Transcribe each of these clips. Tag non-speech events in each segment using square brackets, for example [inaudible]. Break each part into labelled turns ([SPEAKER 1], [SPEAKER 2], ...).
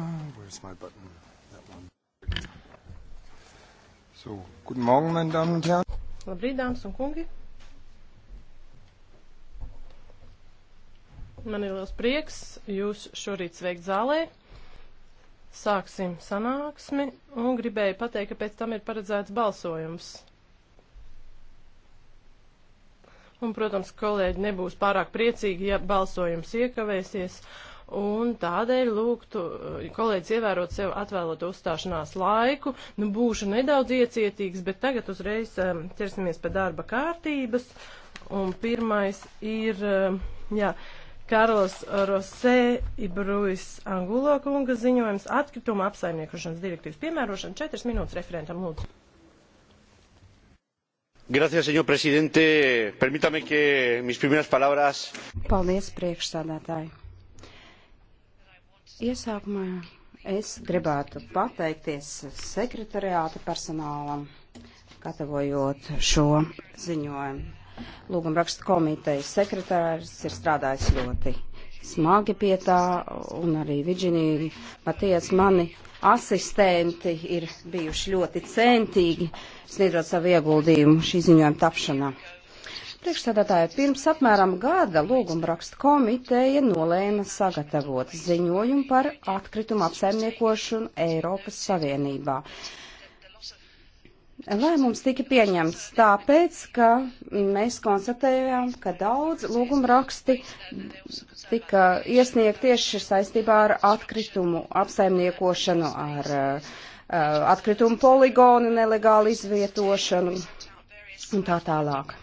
[SPEAKER 1] Uh, where's my button? That one. So,
[SPEAKER 2] guten Morgen, meine Damen und Herren. Labrīt, dāmas un kungi. Man ir liels prieks jūs šorīt sveikt zālē. Sāksim sanāksmi un gribēju pateikt, ka pēc tam ir paredzēts balsojums. Un, protams, kolēģi nebūs pārāk priecīgi, ja balsojums iekavēsies. Uh, un tādēļ lūgtu eh, kolēģis ievērot sev atvēlot uzstāšanās laiku. Nu, būšu nedaudz iecietīgs, bet tagad uzreiz eh, ķersimies pie darba kārtības, un pirmais ir, eh, jā, Karls Rosē Ibruis Angulo kunga ziņojums atkrituma apsaimniekošanas direktīvas piemērošana. Četras minūtes referentam lūdzu.
[SPEAKER 1] Gracias, señor presidente. Permítame que mis primeras palabras. Paldies, priekšsādātāji. Iesākumā es gribētu pateikties sekretariāta personālam, gatavojot šo ziņojumu. Lūguma raksta komitejas sekretārs ir strādājis ļoti smagi pie tā, un arī Virģinija Matijas mani asistenti ir bijuši ļoti centīgi sniedzot savu ieguldījumu šī ziņojuma tapšanā. Priekšstādātāja pirms apmēram gada lūgumrakstu komiteja nolēma sagatavot ziņojumu par atkritumu apsaimniekošanu Eiropas Savienībā. Lēmums tika pieņemts tāpēc, ka mēs konstatējām, ka daudz lūgumraksti tika iesniegt tieši saistībā ar atkritumu apsaimniekošanu, ar uh, atkritumu poligonu, nelegālu izvietošanu un tā tālāk.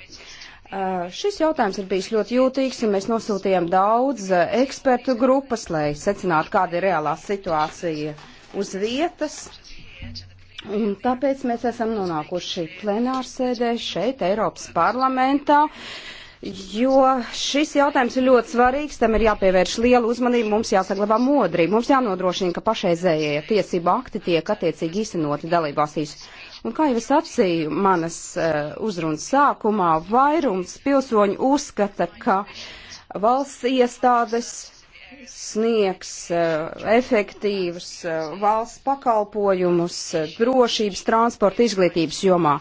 [SPEAKER 1] Šis jautājums ir bijis ļoti jūtīgs, un mēs nosūtījām daudz ekspertu grupas, lai secinātu, kāda ir reālā situācija uz vietas. Un tāpēc mēs esam nonākuši plenārsēdē šeit, Eiropas parlamentā, jo šis jautājums ir ļoti svarīgs, tam ir jāpievērš liela uzmanība, mums jāsaglabā modrība, mums jānodrošina, ka pašreizējie tiesība akti tiek attiecīgi īstenoti dalībvalstīs. Un kā jau es apsīju manas uh, uzrunas sākumā, vairums pilsoņu uzskata, ka valsts iestādes sniegs uh, efektīvus uh, valsts pakalpojumus uh, drošības, transporta, izglītības jomā.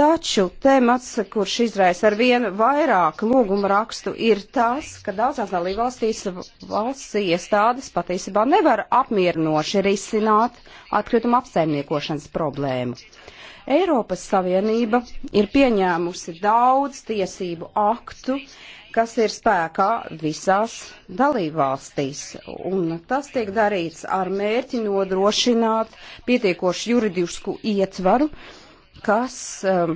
[SPEAKER 1] Taču temats, kurš izraisa ar vienu vairāk lūgumu rakstu, ir tas, ka daudzās dalībvalstīs valsts iestādes patiesībā nevar apmierinoši risināt atkrituma apsaimniekošanas problēmu. Eiropas Savienība ir pieņēmusi daudz tiesību aktu, kas ir spēkā visās dalībvalstīs, un tas tiek darīts ar mērķi nodrošināt pietiekošu juridisku ietvaru, kas um,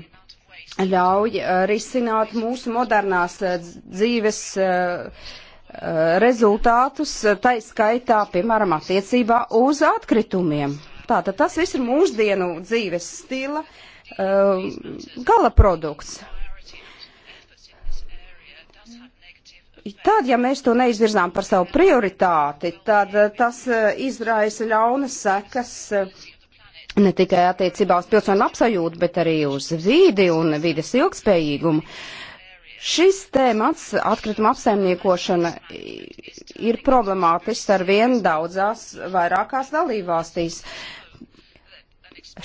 [SPEAKER 1] ļauj uh, risināt mūsu modernās uh, dzīves uh, uh rezultātus, uh, tai skaitā, piemēram, attiecībā uz atkritumiem. Tātad tas viss ir mūsdienu dzīves stila um, gala produkts. Tad, ja mēs to neizvirzām par savu prioritāti, tad eh, tas eh, izraisa ļaunas sekas eh, ne tikai attiecībā uz pilsoņu labsajūtu, bet arī uz vīdi un vides ilgspējīgumu. Šis tēmats, atkrituma apsaimniekošana, ir problemātisks ar vien daudzās vairākās dalībvalstīs. Uh,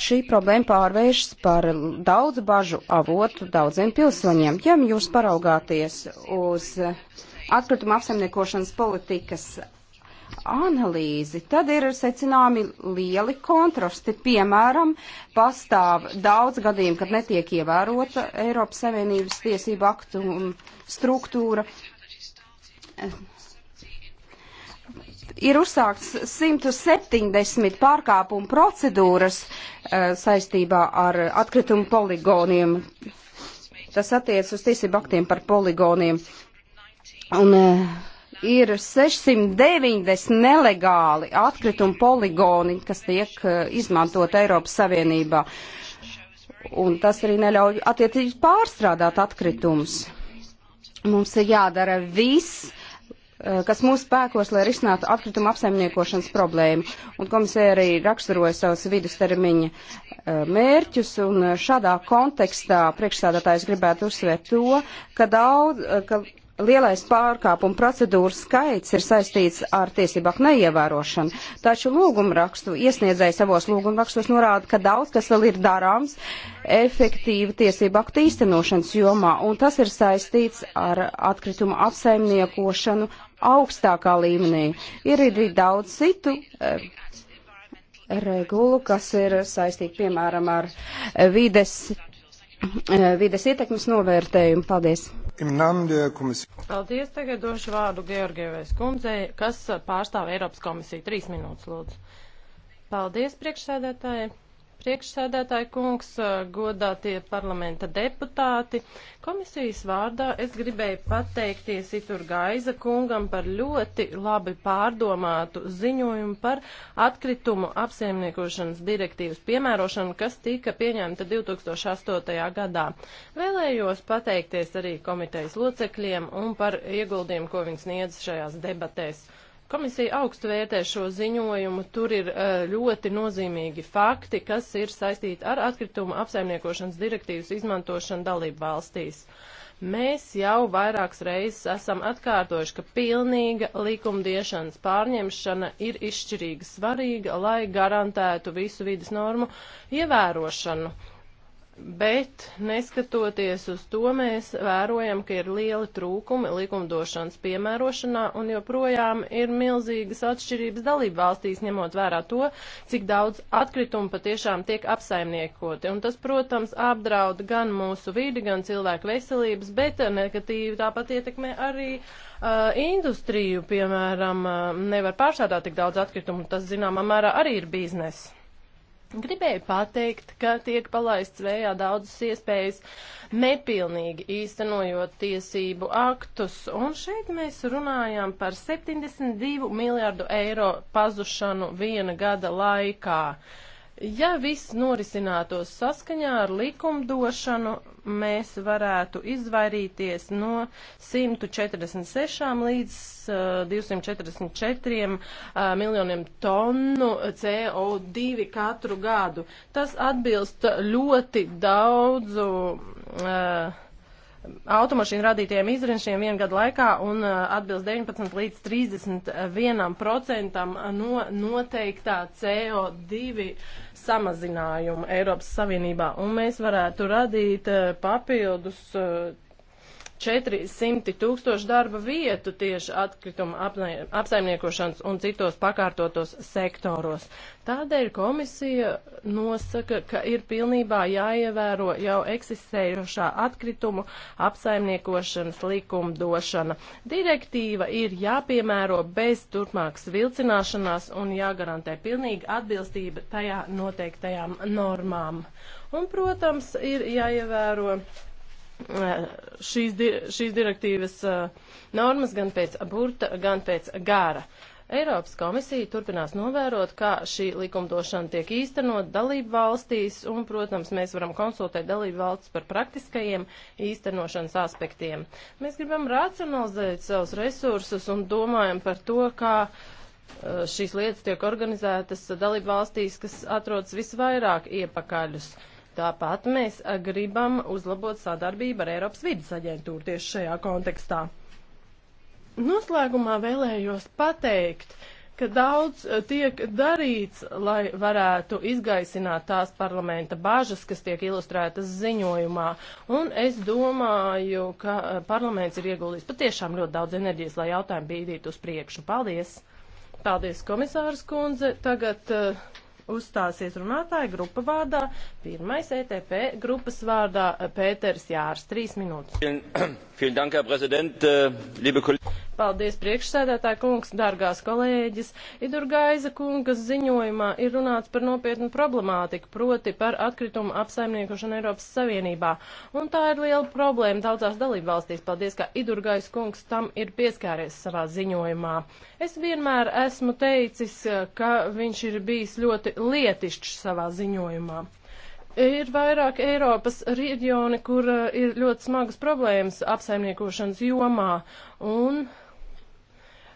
[SPEAKER 1] šī problēma pārvēršas par daudz bažu avotu daudziem pilsoņiem. Ja jūs paraugāties uz atkrituma apsaimniekošanas politikas analīzi, tad ir secināmi lieli kontrasti. Piemēram, pastāv daudz gadījumu, kad netiek ievērota Eiropas Savienības tiesību aktu struktūra ir uzsākts 170 pārkāpumu procedūras uh, saistībā ar atkritumu poligoniem. Tas attiec uz tiesību aktiem par poligoniem. Un uh, ir 690 nelegāli atkritumu poligoni, kas tiek uh, izmantot Eiropas Savienībā. Un tas arī neļauj attiecīgi pārstrādāt atkritumus. Mums ir jādara viss, Eh, kas mūsu spēkos, lai risinātu atkrituma apsaimniekošanas problēmu. Un komisija arī raksturoja savus vidustermiņa eh, mērķus, un eh, šādā kontekstā priekšstādātājs gribētu uzsvērt to, ka daudz, ka lielais pārkāpuma procedūru skaits ir saistīts ar tiesību aktu neievērošanu. Taču lūgumrakstu iesniedzēji savos lūgumrakstos norāda, ka daudz kas vēl ir darāms efektīvi tiesību aktu īstenošanas jomā, un tas ir saistīts ar atkritumu apsaimniekošanu augstākā līmenī. Ir arī daudz citu eh, regulu, kas ir saistīti, piemēram, ar eh, vides, eh, vides ietekmes novērtējumu. Paldies! Paldies!
[SPEAKER 2] Tagad došu vārdu Georgievais kundzei, kas eh, pārstāv Eiropas komisiju. Trīs minūtes, lūdzu. Paldies, priekšsēdētāji! Priekšsēdētāji kungs, godātie parlamenta deputāti, komisijas vārdā es gribēju pateikties Itur Gaiza kungam par ļoti labi pārdomātu ziņojumu par atkritumu apsaimniekošanas direktīvas piemērošanu, kas tika pieņemta 2008. gadā. Vēlējos pateikties arī komitejas locekļiem un par ieguldījumu, ko viņi sniedz šajās debatēs. Komisija augstu vērtē šo ziņojumu. Tur ir eh, ļoti nozīmīgi fakti, kas ir saistīti ar atkritumu apsaimniekošanas direktīvas izmantošanu dalību valstīs. Mēs jau vairākas reizes esam atkārtojuši, ka pilnīga likumdiešanas pārņemšana ir izšķirīgi svarīga, lai garantētu visu vidas normu ievērošanu Bet, neskatoties uz to, mēs vērojam, ka ir lieli trūkumi likumdošanas piemērošanā un joprojām ir milzīgas atšķirības dalību valstīs, ņemot vērā to, cik daudz atkritumu patiešām tiek apsaimniekoti. Un tas, protams, apdraud gan mūsu vidi, gan cilvēku veselības, bet negatīvi tāpat ietekmē arī uh, industriju. Piemēram, uh, nevar pārstrādāt tik daudz atkritumu, tas zināmā mērā arī ir biznesa. Gribēju pateikt, ka tiek palaists vējā daudzas iespējas nepilnīgi īstenojot tiesību aktus, un šeit mēs runājam par 72 miljārdu eiro pazušanu viena gada laikā. Uh, Ja viss norisinātos saskaņā ar likumdošanu, mēs varētu izvairīties no 146 līdz uh, 244 uh, miljoniem tonu CO2 katru gadu. Tas atbilst ļoti daudzu. Uh, automašīnu radītajiem izrinšiem vienu gadu laikā un uh, atbilst 19 līdz 31% no noteiktā CO2 samazinājuma Eiropas Savienībā. Un mēs varētu radīt uh, papildus uh, 400 tūkstoši darba vietu tieši atkrituma apsaimniekošanas un citos pakārtotos sektoros. Tādēļ komisija nosaka, ka ir pilnībā jāievēro jau eksistējošā atkritumu apsaimniekošanas likumdošana. Direktīva ir jāpiemēro bez turpmākas vilcināšanās un jāgarantē pilnīga atbilstība tajā noteiktajām normām. Un, protams, ir jāievēro. Ja Eh, šīs, di šīs direktīvas eh, normas gan pēc burta, gan pēc gāra. Eiropas komisija turpinās novērot, kā šī likumdošana tiek īstenot dalību valstīs, un, protams, mēs varam konsultēt dalību valstis par praktiskajiem īstenošanas aspektiem. Mēs gribam racionalizēt savus resursus un domājam par to, kā eh, šīs lietas tiek organizētas dalību valstīs, kas atrodas visvairāk iepakaļus. Uh, Tāpat mēs gribam uzlabot sadarbību ar Eiropas vidas aģentūru tieši šajā kontekstā. Noslēgumā vēlējos pateikt, ka daudz eh, tiek darīts, lai varētu izgaisināt tās parlamenta bažas, kas tiek ilustrētas ziņojumā. Un es domāju, ka eh, parlaments ir ieguldījis patiešām ļoti daudz enerģijas, lai jautājumu bīdītu uz priekšu. Paldies! Paldies, komisārs kundze! Tagad uh, uzstāsies runātāja grupa vārdā. Pirmais ETP grupas vārdā Pēters Jārs. Trīs minūtes. [clears throat] Paldies priekšsēdētāja kungs, dargās kolēģis. Idurgaiza kungas ziņojumā ir runāts par nopietnu problemātiku, proti par atkritumu apsaimniekošanu Eiropas Savienībā. Un tā ir liela problēma daudzās dalībvalstīs. Paldies, ka Idurgaiza kungs tam ir pieskāries savā ziņojumā. Es vienmēr esmu teicis, ka viņš ir bijis ļoti lietišķs savā ziņojumā. Ir vairāk Eiropas reģioni, kur eh, ir ļoti smagas problēmas apsaimniekošanas jomā, un uh,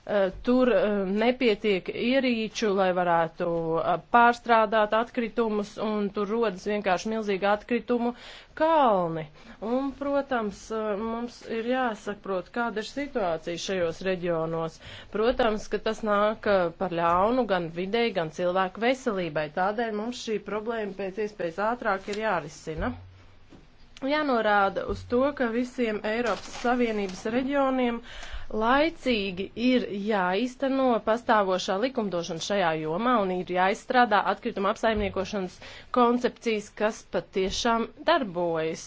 [SPEAKER 2] Eh, tur eh, nepietiek ierīču, lai varētu eh, pārstrādāt atkritumus, un tur rodas vienkārši milzīgi atkritumu kalni. Un, protams, mums ir jāsaprot, kāda ir situācija šajos reģionos. Protams, ka tas nāk par ļaunu gan videi, gan cilvēku veselībai. Tādēļ mums šī problēma pēc iespējas ātrāk ir jārisina jānorāda uz to, ka visiem Eiropas Savienības reģioniem laicīgi ir jāizteno pastāvošā likumdošana šajā jomā un ir jāizstrādā atkrituma apsaimniekošanas koncepcijas, kas patiešām darbojas.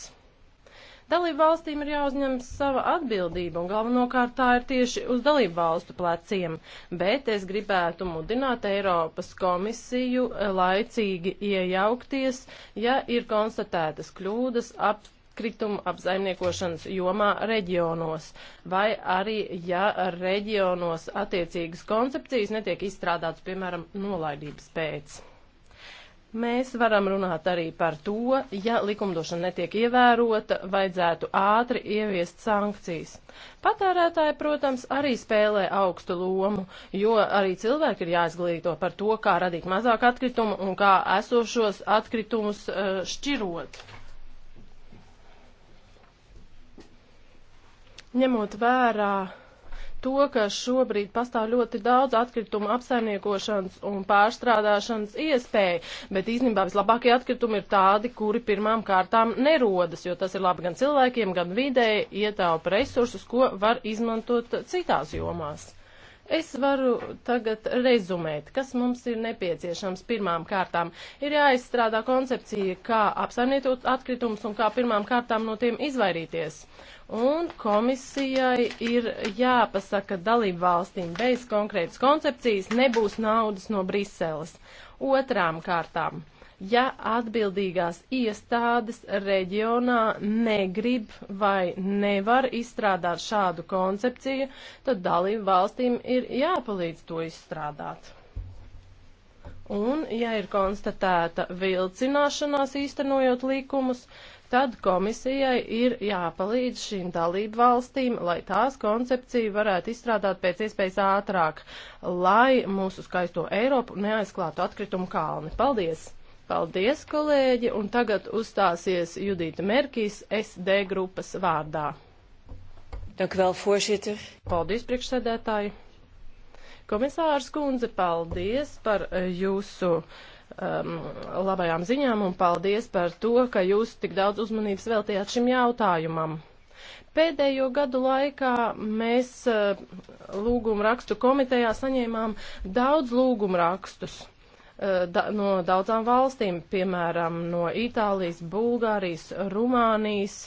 [SPEAKER 2] Dalību valstīm ir jāuzņem sava atbildība, un galvenokārt tā ir tieši uz dalību valstu pleciem, bet es gribētu mudināt Eiropas komisiju laicīgi iejaukties, ja ir konstatētas kļūdas, ap, atkritumu apsaimniekošanas jomā reģionos, vai arī, ja reģionos attiecīgas koncepcijas netiek izstrādātas, piemēram, nolaidības pēc. Mēs varam runāt arī par to, ja likumdošana netiek ievērota, vajadzētu ātri ieviest sankcijas. Patērētāji, protams, arī spēlē augstu lomu, jo arī cilvēki ir jāizglīto par to, kā radīt mazāk atkritumu un kā esošos atkritumus eh, šķirot. Ņemot vērā to, ka šobrīd pastāv ļoti daudz atkritumu apsaimniekošanas un pārstrādāšanas iespēju, bet īstenībā vislabākie atkritumi ir tādi, kuri pirmām kārtām nerodas, jo tas ir labi gan cilvēkiem, gan vidēji ietaupa resursus, ko var izmantot citās jomās. Es varu tagad rezumēt, kas mums ir nepieciešams pirmām kārtām. Ir jāizstrādā koncepcija, kā apsaimnietot atkritumus un kā pirmām kārtām no tiem izvairīties. Uh, un komisijai ir jāpasaka dalību valstīm bez konkrētas koncepcijas nebūs naudas no Briseles. Otrām kārtām ja atbildīgās iestādes reģionā negrib vai nevar izstrādāt šādu koncepciju, tad dalību valstīm ir jāpalīdz to izstrādāt. Un, ja ir konstatēta vilcināšanās īstenojot likumus, uh, tad komisijai ir jāpalīdz šīm dalību valstīm, lai tās koncepciju varētu izstrādāt pēc iespējas ātrāk, lai mūsu skaisto Eiropu neaizklātu atkritumu kalni. Paldies! Paldies, kolēģi! Un tagad uzstāsies Judīta Merkīs SD grupas vārdā. Dank vēl, voorzitter. Paldies, priekšsēdētāji. Komisārs Kunze, paldies par jūsu uh, um, labajām ziņām un paldies par to, ka jūs tik daudz uzmanības veltījāt šim jautājumam. Pēdējo gadu laikā mēs uh, lūgumu rakstu komitejā saņēmām daudz lūgumu rakstus uh, da, no daudzām valstīm, piemēram, no Itālijas, Bulgārijas, Rumānijas,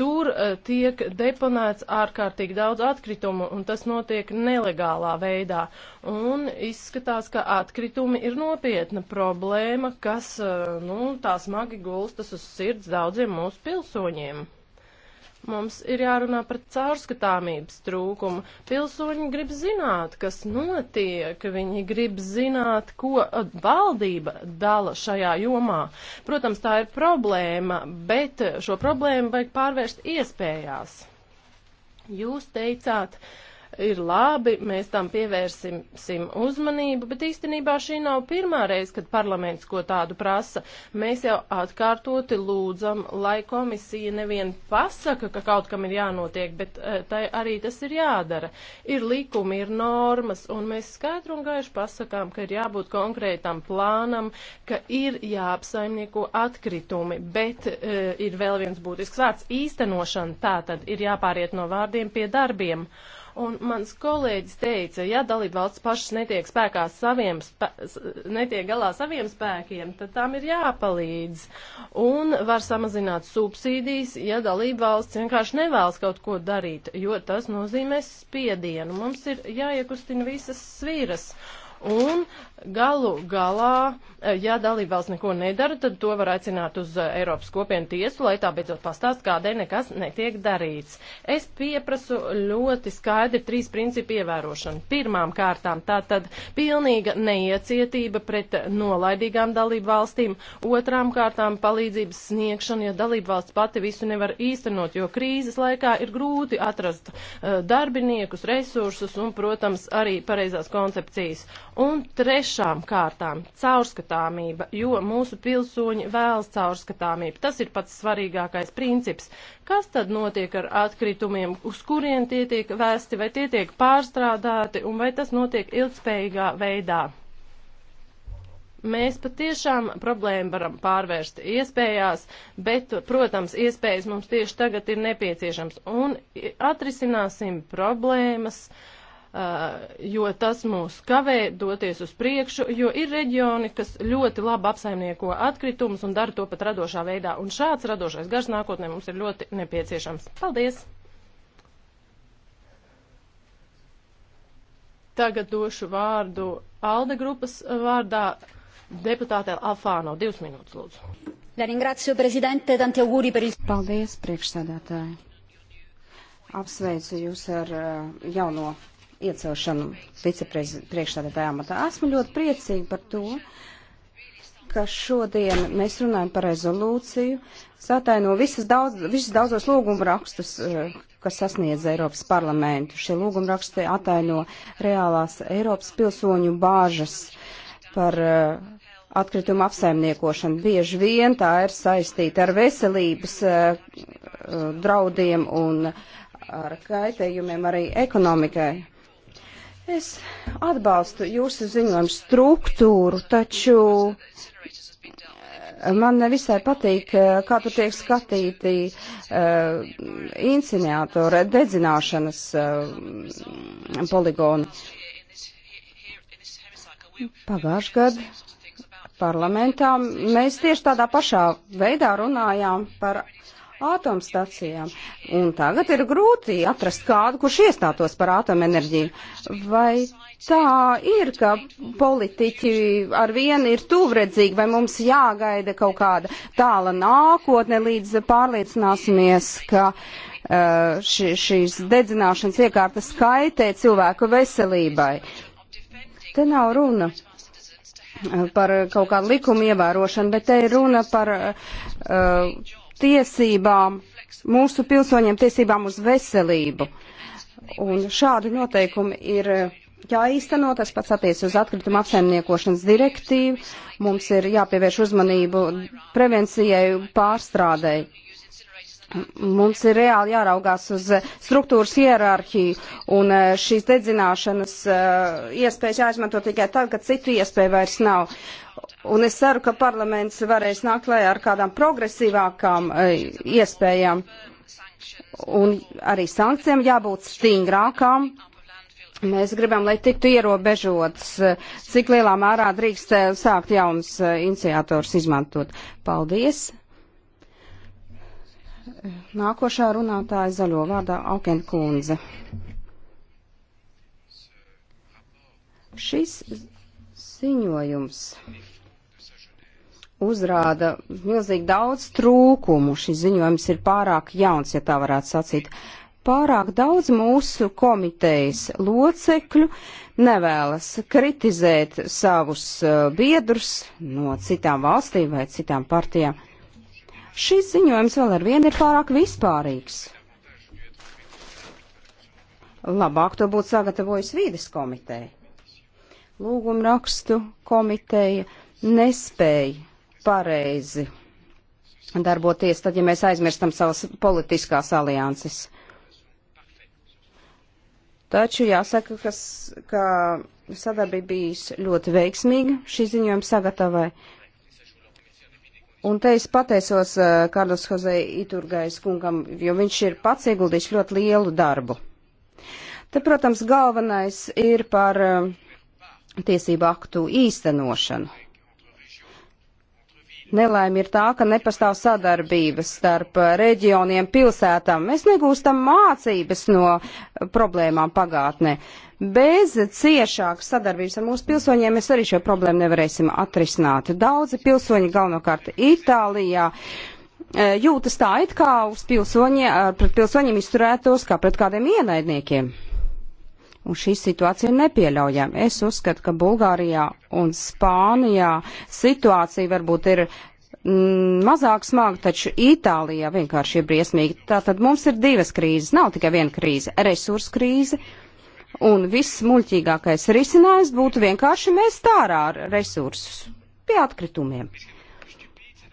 [SPEAKER 2] Tur uh, tiek deponēts ārkārtīgi daudz atkritumu, un tas notiek nelegālā veidā. Un izskatās, ka atkritumi ir nopietna problēma, kas, uh, nu, tā smagi gulstas uz sirds daudziem mūsu pilsoņiem. Mums ir jārunā par caurskatāmības trūkumu. Pilsoņi grib zināt, kas notiek, viņi grib zināt, ko valdība dala šajā jomā. Protams, tā ir problēma, bet šo problēmu vajag pārvērst iespējās. Jūs teicāt, uh, ir labi, mēs tam pievērsim uzmanību, bet īstenībā šī nav pirmā reize, kad parlaments ko tādu prasa. Mēs jau atkārtoti lūdzam, lai komisija nevien pasaka, ka kaut kam ir jānotiek, bet eh, tai arī tas ir jādara. Ir likumi, ir normas, un mēs skaidru un gaišu pasakām, ka ir jābūt konkrētam plānam, ka ir jāapsaimnieko atkritumi, bet e, ir vēl viens būtisks vārds - īstenošana. Tā tad ir jāpāriet no vārdiem pie darbiem. Uh, Un mans kolēģis teica, ja dalība valsts pašas netiek, spēkā saviem, spē, netiek galā saviem spēkiem, tad tām ir jāpalīdz. Un var samazināt subsīdijas, ja dalība valsts vienkārši nevēlas kaut ko darīt, jo tas nozīmēs spiedienu. Mums ir jāiekustina visas svīras. Uh, Un galu galā, e, ja dalībvalsts neko nedara, tad to var aicināt uz e, Eiropas kopienu tiesu, lai tā beidzot pastāst, kādēļ nekas netiek darīts. Es pieprasu ļoti skaidri trīs principu ievērošanu. Pirmām kārtām tā tad pilnīga neiecietība pret nolaidīgām dalībvalstīm. Otrām kārtām palīdzības sniegšana, ja dalībvalsts pati visu nevar īstenot, jo krīzes laikā ir grūti atrast uh, darbiniekus, resursus un, protams, arī pareizās koncepcijas. Un trešām kārtām - caurskatāmība, jo mūsu pilsoņi vēlas caurskatāmību. Tas ir pats svarīgākais princips. Kas tad notiek ar atkritumiem, uz kurien tie tiek vēsti, vai tie tiek pārstrādāti, un vai tas notiek ilgspējīgā veidā? Mēs patiešām problēmu varam pārvērst iespējās, bet, protams, iespējas mums tieši tagad ir nepieciešams. Un atrisināsim problēmas. Uh, jo tas mūs kavē doties uz priekšu, jo ir reģioni, kas ļoti labi apsaimnieko atkritumus un dara to pat radošā veidā. Un šāds radošais gars nākotnē mums ir ļoti nepieciešams. Paldies! Tagad došu vārdu Alde grupas vārdā deputātē
[SPEAKER 1] Alfāno. Divas minūtes, lūdzu. Ringrazio, prezidente, tanti auguri par jūsu. Paldies, priekšsēdētāji. Apsveicu jūs ar uh, jauno iecelšanu vicepriekšstādātāja amatā. Esmu ļoti priecīga par to, ka šodien mēs runājam par rezolūciju, sataino visas daudz, visus daudzos lūgumu rakstus, eh, kas sasniedz Eiropas parlamentu. Šie lūgumu raksti ataino reālās Eiropas pilsoņu bāžas par eh, atkritumu apsaimniekošanu. Bieži vien tā ir saistīta ar veselības eh, draudiem un ar kaitējumiem arī ekonomikai. Es atbalstu jūsu ziņojumu struktūru, taču eh, man nevisai patīk, eh, kā tur tiek skatīti uh, eh, incinātori, dedzināšanas uh, poligoni. Pagājuši gadu parlamentā mēs tieši tādā pašā veidā runājām par atomstacijām. Un tagad ir grūti atrast kādu, kurš iestātos par atomenerģiju. Vai tā ir, ka politiķi ar vienu ir tuvredzīgi, vai mums jāgaida kaut kāda tāla nākotne, līdz pārliecināsimies, ka uh, ši, šīs dedzināšanas iekārtas kaitē cilvēku veselībai. Te nav runa uh, par kaut kādu likumu ievērošanu, bet te ir runa par uh, tiesībām, mūsu pilsoņiem tiesībām uz veselību. Un šādi noteikumi ir jāīsteno, tas pats attiec uz atkrituma apsaimniekošanas direktīvu. Mums ir jāpievērš uzmanību prevencijai pārstrādēji. Mums ir reāli jāraugās uz struktūras hierarhiju un eh, šīs dedzināšanas eh, iespējas jāizmanto tikai tad, kad citu iespēju vairs nav. Uh, Un es ceru, ka parlaments varēs nākt klajā ar kādām progresīvākām e, iespējām. Un arī sankcijām jābūt stingrākām. Mēs gribam, lai tiktu ierobežots, e, cik lielā mērā drīkst e, sākt jauns iniciators izmantot. Paldies! Nākošā runātāja zaļo vārdā Auken Kunze. Šis ziņojums uzrāda milzīgi daudz trūkumu. Šis ziņojums ir pārāk jauns, ja tā varētu sacīt. Pārāk daudz mūsu komitejas locekļu nevēlas kritizēt savus uh, biedrus no citām valstīm vai citām partijām. Šis ziņojums vēl ar vienu ir pārāk vispārīgs. Labāk to būtu sagatavojis vīdes komiteja. Lūgumrakstu komiteja nespēja pareizi darboties, tad ja mēs aizmirstam savas politiskās alianses. Taču jāsaka, kas, ka sadarbība bijusi ļoti veiksmīga šī ziņojuma sagatavai. Un te es pateicos uh, eh, Kārlis Hozei Iturgais kungam, jo viņš ir pats ieguldījis ļoti lielu darbu. Te, protams, galvenais ir par uh, tiesību aktu īstenošanu. Nelēma ir tā, ka nepastāv sadarbības starp eh, reģioniem, pilsētām. Mēs negūstam mācības no problēmām pagātnē. Bez ciešākas sadarbības ar mūsu pilsoņiem mēs arī šo problēmu nevarēsim atrisināt. Daudzi pilsoņi, galvenokārt Itālijā, eh, jūtas tā, it kā uz pilsoņi, eh, pret pilsoņiem izturētos kā pret kādiem ienaidniekiem. Un šī situācija ir nepieļaujama. Es uzskatu, ka Bulgārijā un Spānijā situācija varbūt ir mm, mazāk smaga, taču Itālijā vienkārši ir briesmīgi. Tātad mums ir divas krīzes, nav tikai viena krīze - resursu krīze. Un viss muļķīgākais risinājums būtu vienkārši mest ārā ar resursus pie atkritumiem.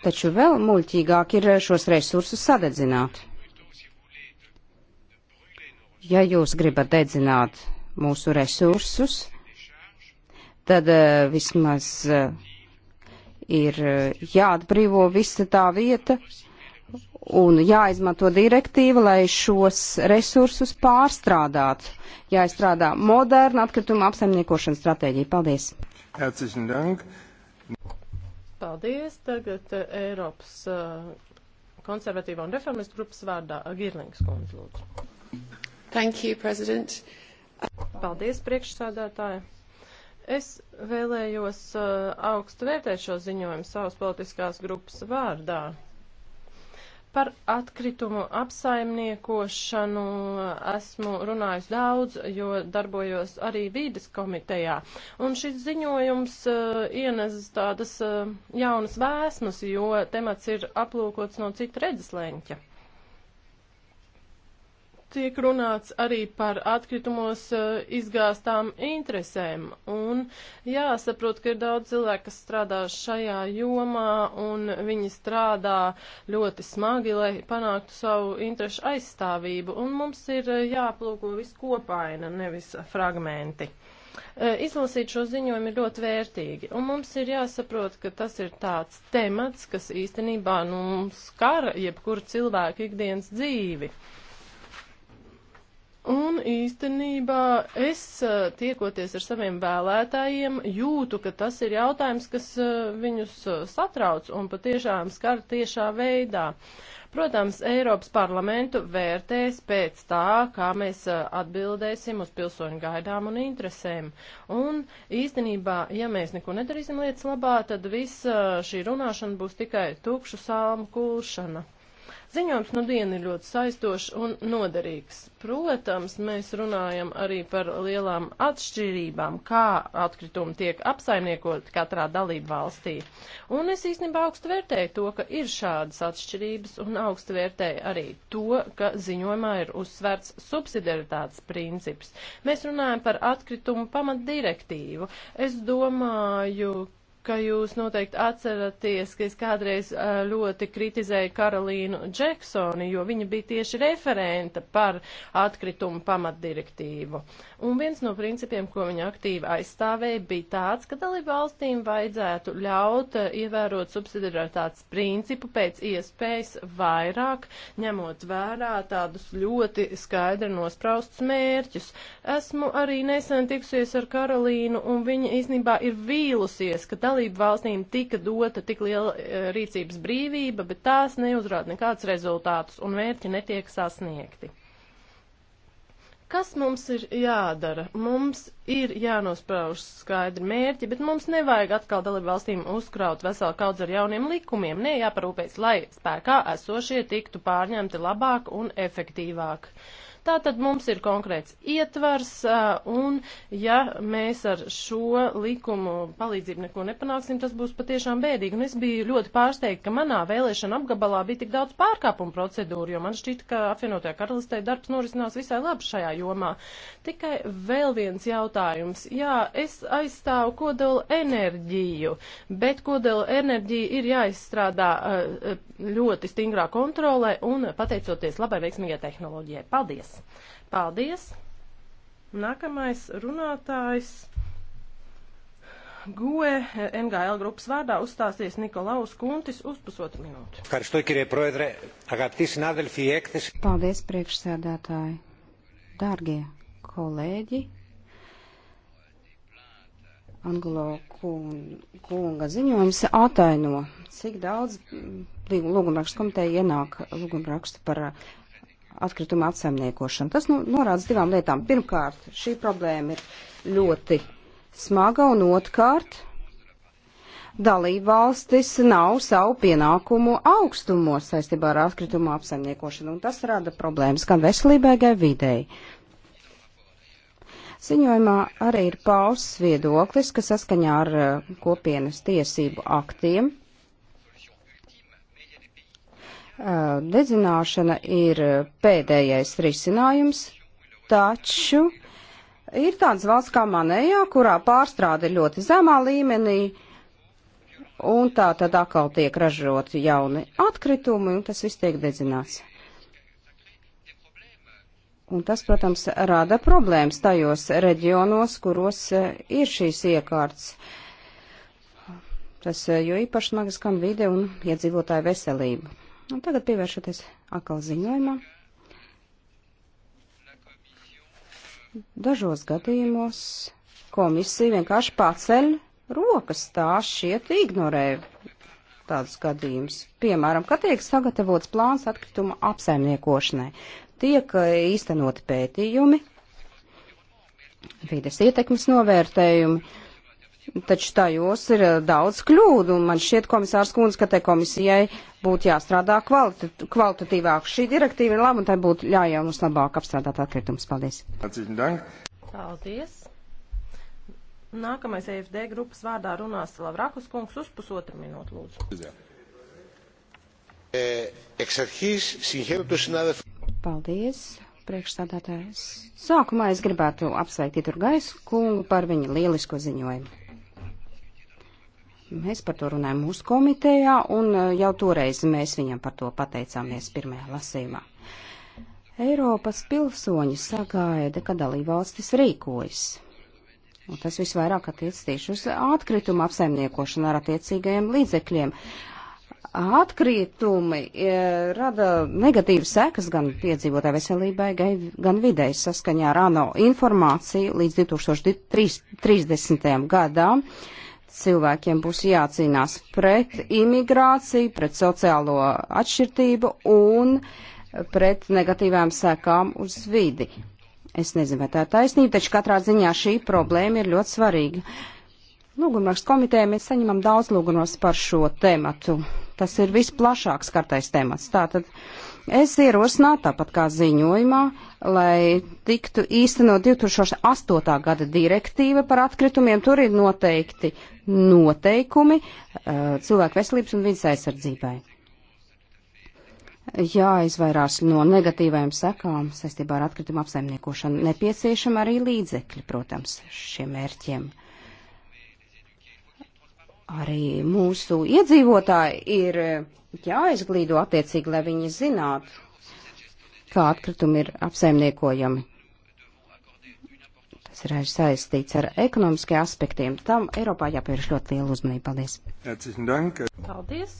[SPEAKER 1] Taču vēl muļķīgāk ir šos resursus sadedzināt. Ja jūs gribat dedzināt mūsu resursus, tad eh, vismaz eh, ir eh, jāatbrīvo visa tā vieta un jāizmanto direktīva, lai šos resursus pārstrādātu. Jāizstrādā moderna atkrituma apsaimniekošanas stratēģija. Paldies! Herzlichen Dank!
[SPEAKER 2] Paldies! Tagad Eiropas konservatīva un reformistu grupas vārdā Girlings kundze lūdzu.
[SPEAKER 3] Thank you, President. Uh,
[SPEAKER 2] Paldies, priekšsādātāji! Es vēlējos uh, augstu vērtēt šo ziņojumu savas politiskās grupas vārdā. Par atkritumu apsaimniekošanu uh, esmu runājis daudz, jo darbojos arī vīdes komitejā. Un šis ziņojums uh, ienes tādas uh, jaunas vēsmas, jo temats ir aplūkots no cita redzeslēņķa tiek runāts arī par atkritumos uh, izgāstām interesēm. Un jāsaprot, ka ir daudz cilvēku, kas strādā šajā jomā, un viņi strādā ļoti smagi, lai panāktu savu interešu aizstāvību. Un mums ir uh, eh, jāplūko viskopaina, nevis fragmenti. Uh, izlasīt šo ziņojumu ir ļoti vērtīgi, un mums ir jāsaprot, ka tas ir tāds temats, kas īstenībā nu, skara jebkuru cilvēku ikdienas dzīvi. Uh, Un īstenībā es eh, tiekoties ar saviem vēlētājiem jūtu, ka tas ir jautājums, kas eh, viņus eh, satrauc un patiešām skar tiešā veidā. Protams, Eiropas parlamentu vērtēs pēc tā, kā mēs atbildēsim uz pilsoņu gaidām un interesēm. Un īstenībā, ja mēs neko nedarīsim lietas labā, tad visa šī runāšana būs tikai tukšu salmu kulšana. Ziņojums nu dienu ir ļoti saistošs un noderīgs. Protams, mēs runājam arī par lielām atšķirībām, kā atkritumi tiek apsaimniekot katrā dalību valstī. Un es īstenībā augstu vērtēju to, ka ir šādas atšķirības, un augstu vērtēju arī to, ka ziņojumā ir uzsvērts subsidiaritātes princips. Mēs runājam par atkritumu pamatdirektīvu. Es domāju, ka jūs noteikti atceraties, ka es kādreiz ļoti kritizēju Karolīnu Džeksoni, jo viņa bija tieši referenta par atkritumu pamatdirektīvu. Un viens no principiem, ko viņa aktīvi aizstāvēja, bija tāds, ka dalību valstīm vajadzētu ļaut ievērot subsidiaritātes principu pēc iespējas vairāk, ņemot vērā tādus ļoti skaidri nospraustus mērķus. Esmu arī nesen tikusies ar Karolīnu, un viņa īstenībā ir vīlusies, ka dalību dalību valstīm tika dota tik liela e, rīcības brīvība, bet tās neuzrāda nekādus rezultātus un mērķi netiek sasniegti. Kas mums ir jādara? Mums ir jānosprauž skaidri mērķi, bet mums nevajag atkal dalību valstīm uzkraut veselu kaudz ar jauniem likumiem. Nē, jāparūpēs, lai spēkā esošie tiktu pārņemti labāk un efektīvāk. Uh, Tātad mums ir konkrēts ietvars, un ja mēs ar šo likumu palīdzību neko nepanāksim, tas būs patiešām bēdīgi. Un es biju ļoti pārsteigta, ka manā vēlēšana apgabalā bija tik daudz pārkāpumu procedūru, jo man šķiet, ka apvienotajā karalistē darbs norisinās visai labi šajā jomā. Tikai vēl viens jautājums. Jā, es aizstāvu kodolu enerģiju, bet kodolu enerģija ir jāizstrādā ļoti stingrā kontrolē un pateicoties labai veiksmīgai tehnoloģijai. Paldies! Paldies! Nākamais runātājs GUE NGL grupas vārdā uzstāsies
[SPEAKER 1] Nikolaus Kuntis uz pusotru minūti. Paldies, priekšsēdētāji! Dārgie kolēģi! Anglo kunga ziņojums ataino, cik daudz mm, lūgumrakstu komiteja ienāk lūgumrakstu par atkrituma atsaimniekošanu. Tas nu, norāda divām lietām. Pirmkārt, šī problēma ir ļoti smaga, un otrkārt, dalībvalstis nav savu pienākumu augstumu saistībā ar atkrituma apsaimniekošanu, un tas rada problēmas gan veselībai, gan videi. Ziņojumā arī ir pausts viedoklis, ka saskaņā ar eh, kopienas tiesību aktiem dedzināšana ir pēdējais risinājums, taču ir tāds valsts kā manējā, kurā pārstrāde ļoti zemā līmenī, un tā tad atkal tiek ražoti jauni atkritumi, un tas viss tiek dedzināts. Un tas, protams, rada problēmas tajos reģionos, kuros ir šīs iekārtas. Tas jo īpaši smagas skan vide un iedzīvotāju veselību. Un tagad pievēršoties atkal ziņojumam. Dažos gadījumos komisija vienkārši paceļ rokas, tā šiet ignorē tādus gadījumus. Piemēram, kad tiek sagatavots plāns atkrituma apsaimniekošanai, tiek eh, īstenoti pētījumi, vides ietekmes novērtējumi, taču tajos ir eh, daudz kļūdu, un man šķiet, komisārs Kunz, ka te komisijai būtu jāstrādā kvalit kvalitatīvāk. Šī direktīva ir laba, un tai būtu jāļauj mums labāk apstrādāt atkritumus. Paldies!
[SPEAKER 2] Paldies! Nākamais EFD grupas vārdā runās Lavrakus kungs uz pusotru minūtu,
[SPEAKER 3] lūdzu. E,
[SPEAKER 1] Paldies! Priekšstādātājs. Sākumā es gribētu apsveikt Itur Gaisu kungu par viņa lielisko ziņojumu. Mēs par to runājam mūsu komitejā, un e, jau toreiz mēs viņam par to pateicāmies pirmajā lasīmā. Eiropas pilsoņi sagaida, ka dalībvalstis rīkojas. Un tas visvairāk attiec tieši uz atkritumu apsaimniekošanu ar attiecīgajiem līdzekļiem. Atkritumi e, rada negatīvas sekas gan piedzīvotāju veselībai, gan videi saskaņā ar ANO informāciju līdz 2030. gadām. E, cilvēkiem būs jācīnās pret imigrāciju, pret sociālo atšķirtību un pret negatīvām sekām uz vidi. Es nezinu, vai tā ir taisnība, taču katrā ziņā šī problēma ir ļoti svarīga. Lūgumrakstu komitē mēs saņemam daudz lūgumus par šo tematu. Tas ir visplašāks kartais temats. Tātad, uh, Es ierosinātu, tāpat kā ziņojumā, lai tiktu īstenot 2008. gada direktīva par atkritumiem. Tur ir noteikti noteikumi uh, cilvēku veselības un vidas aizsardzībai. Jāizvairās no negatīvajām sekām saistībā ar atkritumu apsaimniekošanu. Nepieciešama arī līdzekļi, protams, šiem mērķiem arī mūsu iedzīvotāji ir jāizglīdo attiecīgi, lai viņi zinātu, kā atkritumi ir apsaimniekojami. Tas ir saistīts ar ekonomiskiem aspektiem. Tam Eiropā jāpievērš ļoti liela uzmanība.
[SPEAKER 2] Paldies! Paldies!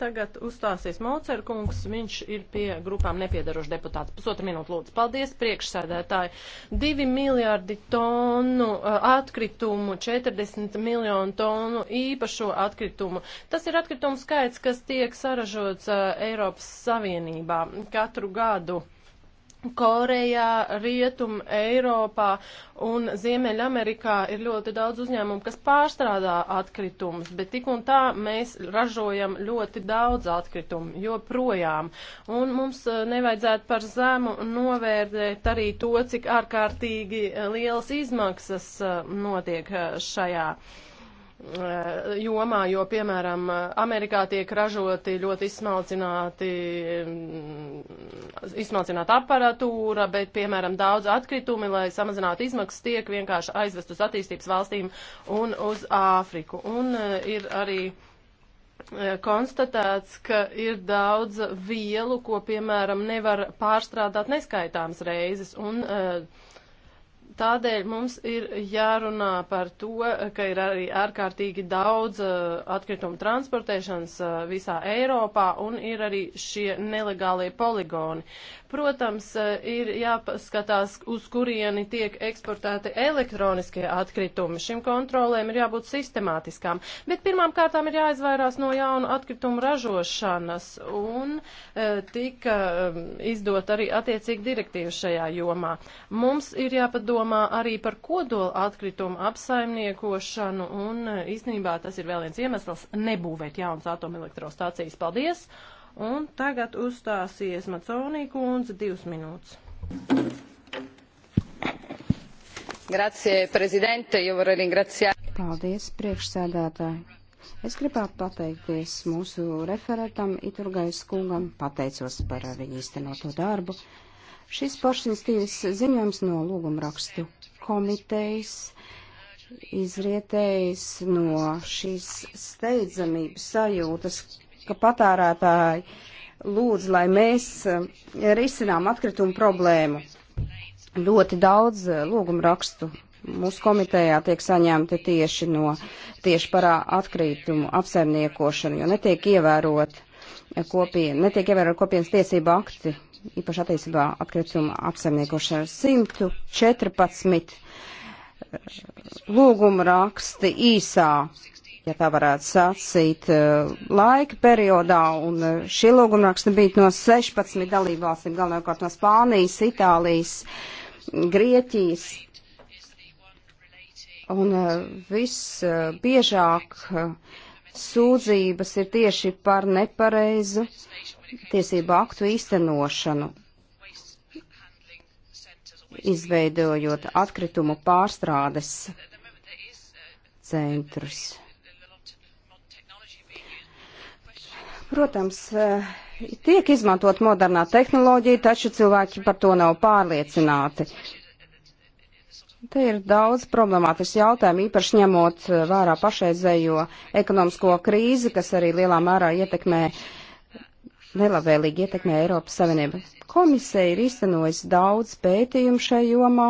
[SPEAKER 2] Tagad uzstāsies Mocer kungs, viņš ir pie grupām nepiedarošs deputāts. Pusotra minūte, lūdzu. Paldies, priekšsēdētāji. Divi miljardi tonu uh, atkritumu, 40 miljonu tonu īpašo atkritumu. Tas ir atkritumu skaits, kas tiek saražots uh, Eiropas Savienībā katru gadu. Korejā, Rietum, Eiropā un Ziemeļamerikā ir ļoti daudz uzņēmumu, kas pārstrādā atkritumus, bet tik un tā mēs ražojam ļoti daudz atkritumu joprojām. Un mums eh, nevajadzētu par zemu novērtēt arī to, cik ārkārtīgi eh, lielas izmaksas eh, notiek šajā Eh, jomā, jo, piemēram, Amerikā tiek ražoti ļoti izsmalcināti, mm, izsmalcināta aparatūra, bet, piemēram, daudz atkritumi, lai samazinātu izmaksas, tiek vienkārši aizvest uz attīstības valstīm un uz Āfriku. Un eh, ir arī eh, konstatēts, ka ir daudz vielu, ko, piemēram, nevar pārstrādāt neskaitāmas reizes. Un, uh, Tādēļ mums ir jārunā par to, ka ir arī ārkārtīgi daudz uh, atkritumu transportēšanas uh, visā Eiropā un ir arī šie nelegālie poligoni. Protams, uh, ir jāpaskatās, uz kurieni tiek eksportēti elektroniskie atkritumi. Šim kontrolēm ir jābūt sistemātiskām. Bet pirmām kārtām ir jāizvairās no jaunu atkritumu ražošanas un tika um, izdot arī attiecīgi direktīvu šajā jomā. Mums ir jāpadomā jādomā arī par kodola atkritumu apsaimniekošanu, un e, īstenībā tas ir vēl viens iemesls nebūvēt jaunas atomelektrostācijas. Paldies! Un tagad uzstāsies Maconī kundze
[SPEAKER 1] divas minūtes. Grazie, prezidente, jau varu ringraciāt. Paldies, priekšsēdētāji. Es gribētu pateikties mūsu referentam Iturgais kungam, pateicos par viņu īstenoto darbu. Šis pašinstīvas ziņojums no lūgumrakstu komitejas izrietējis no šīs steidzamības sajūtas, ka patērētāji lūdz, lai mēs eh, risinām atkritumu problēmu. Ļoti daudz eh, lūgumrakstu mūsu komitejā tiek saņemti tieši, no, tieši par atkritumu apsaimniekošanu, jo netiek ievērot eh, kopien, netiek ievērot kopienas tiesība akti īpaši attiecībā atkrituma apsaimniekošana 114 eh, lūguma raksti īsā, ja tā varētu sacīt, eh, laika periodā, un eh, šie lūguma raksti bija no 16 dalībvalstīm, galvenokārt no Spānijas, Itālijas, Grieķijas. Un visbiežāk sūdzības ir tieši par nepareizu uh, tiesību aktu īstenošanu, izveidojot atkritumu pārstrādes centrus. Protams, eh, tiek izmantot modernā tehnoloģija, taču cilvēki par to nav pārliecināti. Te ir daudz problemātisks jautājumu, īpaši ņemot vērā pašreizējo ekonomisko krīzi, kas arī lielā mērā ietekmē uh, nelabvēlīgi ietekmē Eiropas Savienību. Komisija ir izcenojusi daudz pētījumu šai jomā.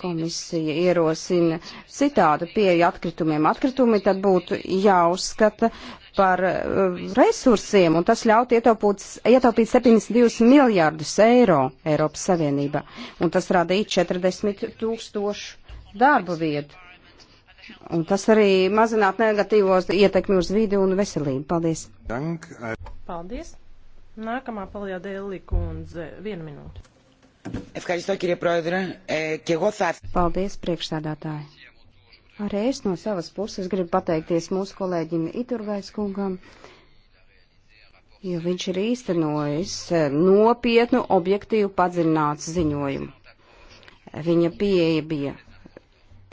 [SPEAKER 1] Komisija ierosina citādu pieeju atkritumiem. Atkritumi tad būtu jāuzskata par uh, resursiem, un tas ļaut ietaupūt, ietaupīt 72 miljārdus eiro Eiropas Savienībā. Un tas radīja 40 tūkstošu darba vietu. Un tas arī mazināt negatīvos ietekmi uz vidi un veselību. Paldies! Dank.
[SPEAKER 2] Paldies! Nākamā palījā Dēlī kundze. Vienu minūtu.
[SPEAKER 1] E, Paldies, priekšsēdātāji! Arī es no savas puses gribu pateikties mūsu kolēģim Iturgais kungam, jo viņš ir īstenojis e, nopietnu objektīvu padziļinātu ziņojumu. Viņa pieeja bija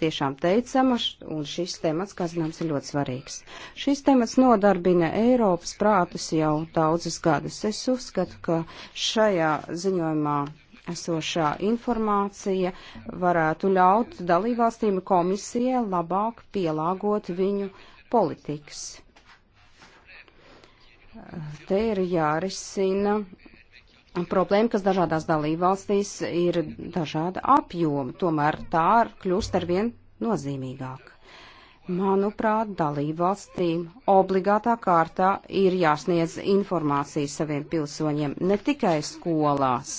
[SPEAKER 1] tiešām teicama, un šis temats, kā zināms, ir ļoti svarīgs. Šis temats nodarbina Eiropas prātus jau daudzus gadus. Es uzskatu, ka šajā ziņojumā esošā informācija varētu ļaut dalībvalstīm komisijai labāk pielāgot viņu politikas. Te ir jārisina problēma, kas dažādās dalībvalstīs ir dažāda apjoma, tomēr tā kļūst arvien nozīmīgāka. Manuprāt, dalībvalstīm obligātā kārtā ir jāsniedz informācija saviem pilsoņiem ne tikai skolās,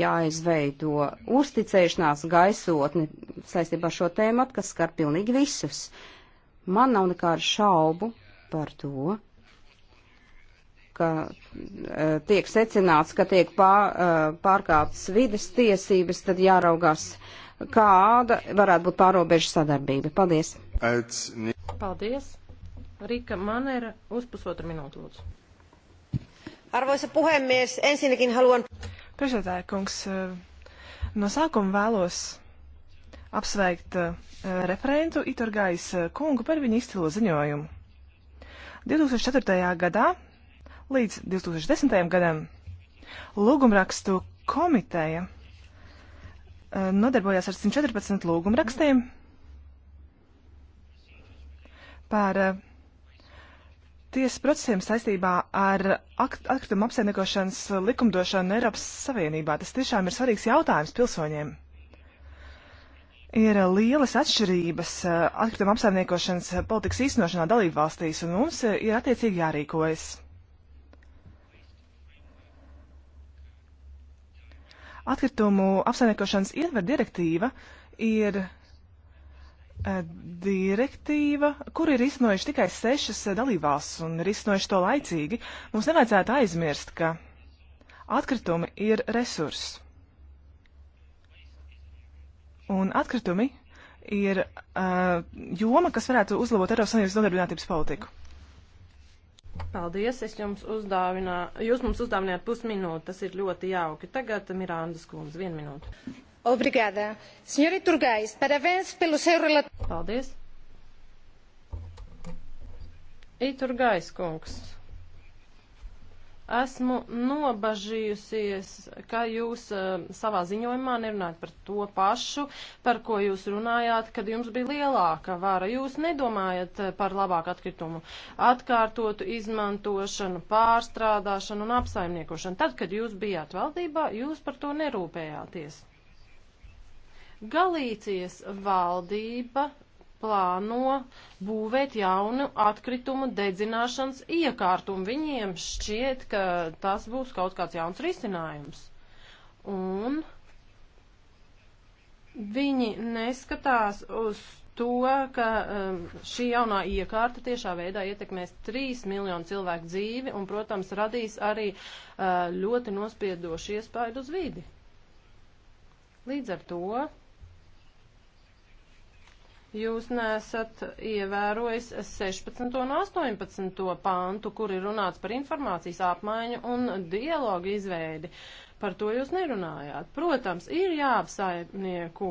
[SPEAKER 1] jāizveido uzticēšanās gaisotni saistībā ar šo tēmu, kas skar pilnīgi visus. Man nav nekādu šaubu par to, ka e, tiek secināts, ka tiek pā, e, pārkāptas vides tiesības, tad jāraugās, kāda varētu būt pārobežu sadarbība. Paldies!
[SPEAKER 2] Paldies! Rika Manera, uz pusotru minūtu lūdzu.
[SPEAKER 3] Arvoisa puhemies, ensinnäkin haluan... Priekšsēdētāja kungs, e, no sākuma vēlos apsveikt referentu Iturgais kungu par viņu izcilo ziņojumu. 2004. gadā līdz 2010. gadam lūgumrakstu komiteja eh, nodarbojās ar 114 lūgumrakstiem par eh, tiesas procesiem saistībā ar atkritumu apsaimniekošanas likumdošanu Eiropas Savienībā. Tas tiešām ir svarīgs jautājums pilsoņiem. Ir lielas atšķirības eh, atkrituma apsaimniekošanas politikas īstenošanā dalību valstīs, un mums ir attiecīgi jārīkojas. Atkritumu apsaimniekošanas ietver direktīva ir eh, direktīva, kur ir iznojuši tikai sešas eh, dalībvalsts un ir iznojuši to laicīgi, mums nevajadzētu aizmirst, ka atkritumi ir resurs. Un atkritumi ir uh, joma, kas varētu uzlabot Eiropas Savienības nodarbinātības politiku.
[SPEAKER 2] Paldies, es jums uzdāvinā, jūs mums uzdāvinājāt pusminūti, tas ir ļoti jauki. Tagad Mirandas kundze, vienu minūtu.
[SPEAKER 1] Obrigada. Senhora Iturgais, parabéns pelo seu relatório. Paldies.
[SPEAKER 2] Iturgais kungs. Esmu nobažījusies, ka jūs uh, savā ziņojumā nerunājat par to pašu, par ko jūs runājāt, kad jums bija lielāka vara. Jūs nedomājat eh, par labāku atkritumu atkārtotu izmantošanu, pārstrādāšanu un apsaimniekošanu. Tad, kad jūs bijāt valdībā, jūs par to nerūpējāties. Galīcijas valdība plāno būvēt jaunu atkritumu dedzināšanas iekārtumu. Viņiem šķiet, ka tas būs kaut kāds jauns risinājums. Un viņi neskatās uz to, ka um, šī jaunā iekārta tiešā veidā ietekmēs 3 miljonu cilvēku dzīvi un, protams, radīs arī uh, ļoti nospiedošu iespēju uz vidi. Līdz ar to jūs nesat ievērojis 16. un 18. pāntu, kur ir runāts par informācijas apmaiņu un dialogu izveidi. Par to jūs nerunājāt. Protams, ir jāapsaimnieko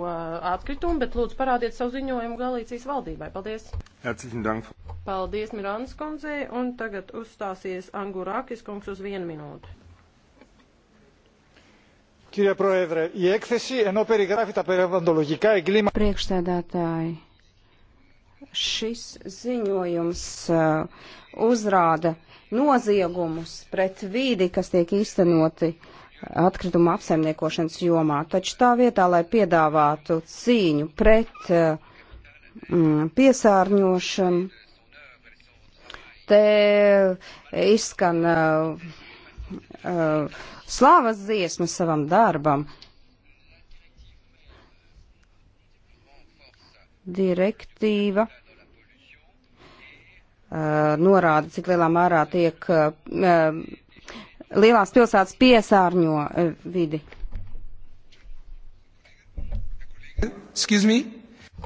[SPEAKER 2] atkritumi, bet lūdzu parādiet savu ziņojumu Galīcijas valdībai. Paldies! Herzlichen Dank! Paldies, Mirānas kundzei, un tagad uzstāsies Angurākis kungs uz vienu minūtu.
[SPEAKER 1] Κύριε Πρόεδρε, η έκθεση ενώ περιγράφει τα περιβαλλοντολογικά εγκλήματα... Priekšsēdētāji, šis ziņojums uh, uzrāda noziegumus pret vīdi, kas tiek īstenoti atkrituma apsaimniekošanas jomā. Taču tā vietā, lai piedāvātu cīņu pret uh, mm, piesārņošanu, te izskan uh, uh, slāvas dziesmas savam darbam, direktīva uh, norāda, cik lielā mērā tiek uh, uh, lielās pilsētas piesārņo uh, vidi. Excuse me?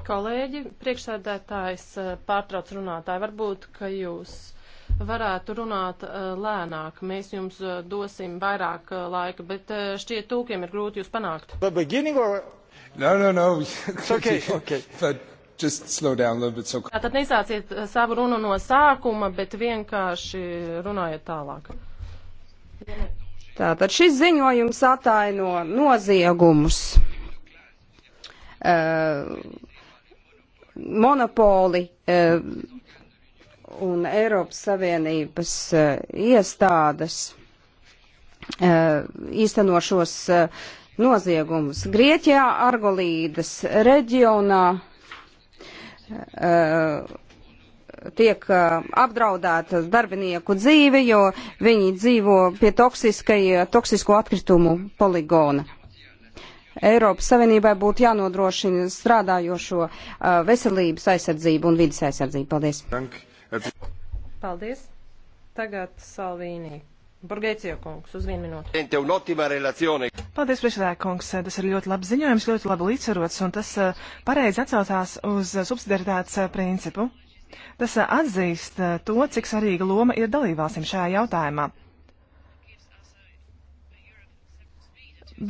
[SPEAKER 2] Kolēģi, priekšsēdētājs uh, pārtrauc runātāju. Varbūt, ka jūs varētu runāt uh, lēnāk. Mēs jums dosim vairāk laika, bet šķiet tūkiem ir grūti jūs panākt.
[SPEAKER 1] The beginning or...
[SPEAKER 2] No, no, no. [laughs] It's okay, okay. But... So... Tātad nesāciet uh, savu runu no sākuma, bet vienkārši runājiet tālāk.
[SPEAKER 1] Tātad šis ziņojums ataino noziegumus, uh, monopoli uh, un Eiropas Savienības uh, iestādes uh, īstenošos uh, noziegumus. Grieķijā, Argolīdas reģionā Uh, tiek uh, apdraudēta darbinieku dzīve, jo viņi dzīvo pie toksisko atkritumu poligona. Eiropas Savienībai būtu jānodrošina strādājošo uh, veselības aizsardzību un vidas aizsardzību. Paldies!
[SPEAKER 2] Paldies! Tagad Salvīnī. Borgēcijo
[SPEAKER 3] kungs, uz vienu
[SPEAKER 1] minūti.
[SPEAKER 3] Paldies, priekšsēdētājkungs. Tas ir ļoti labs ziņojums, ļoti labi līdzsvarots, un tas eh, pareizi atsaucās uz eh, subsidiaritātes eh, principu. Tas atzīst to, cik svarīga loma ir dalībvalstīm šajā jautājumā.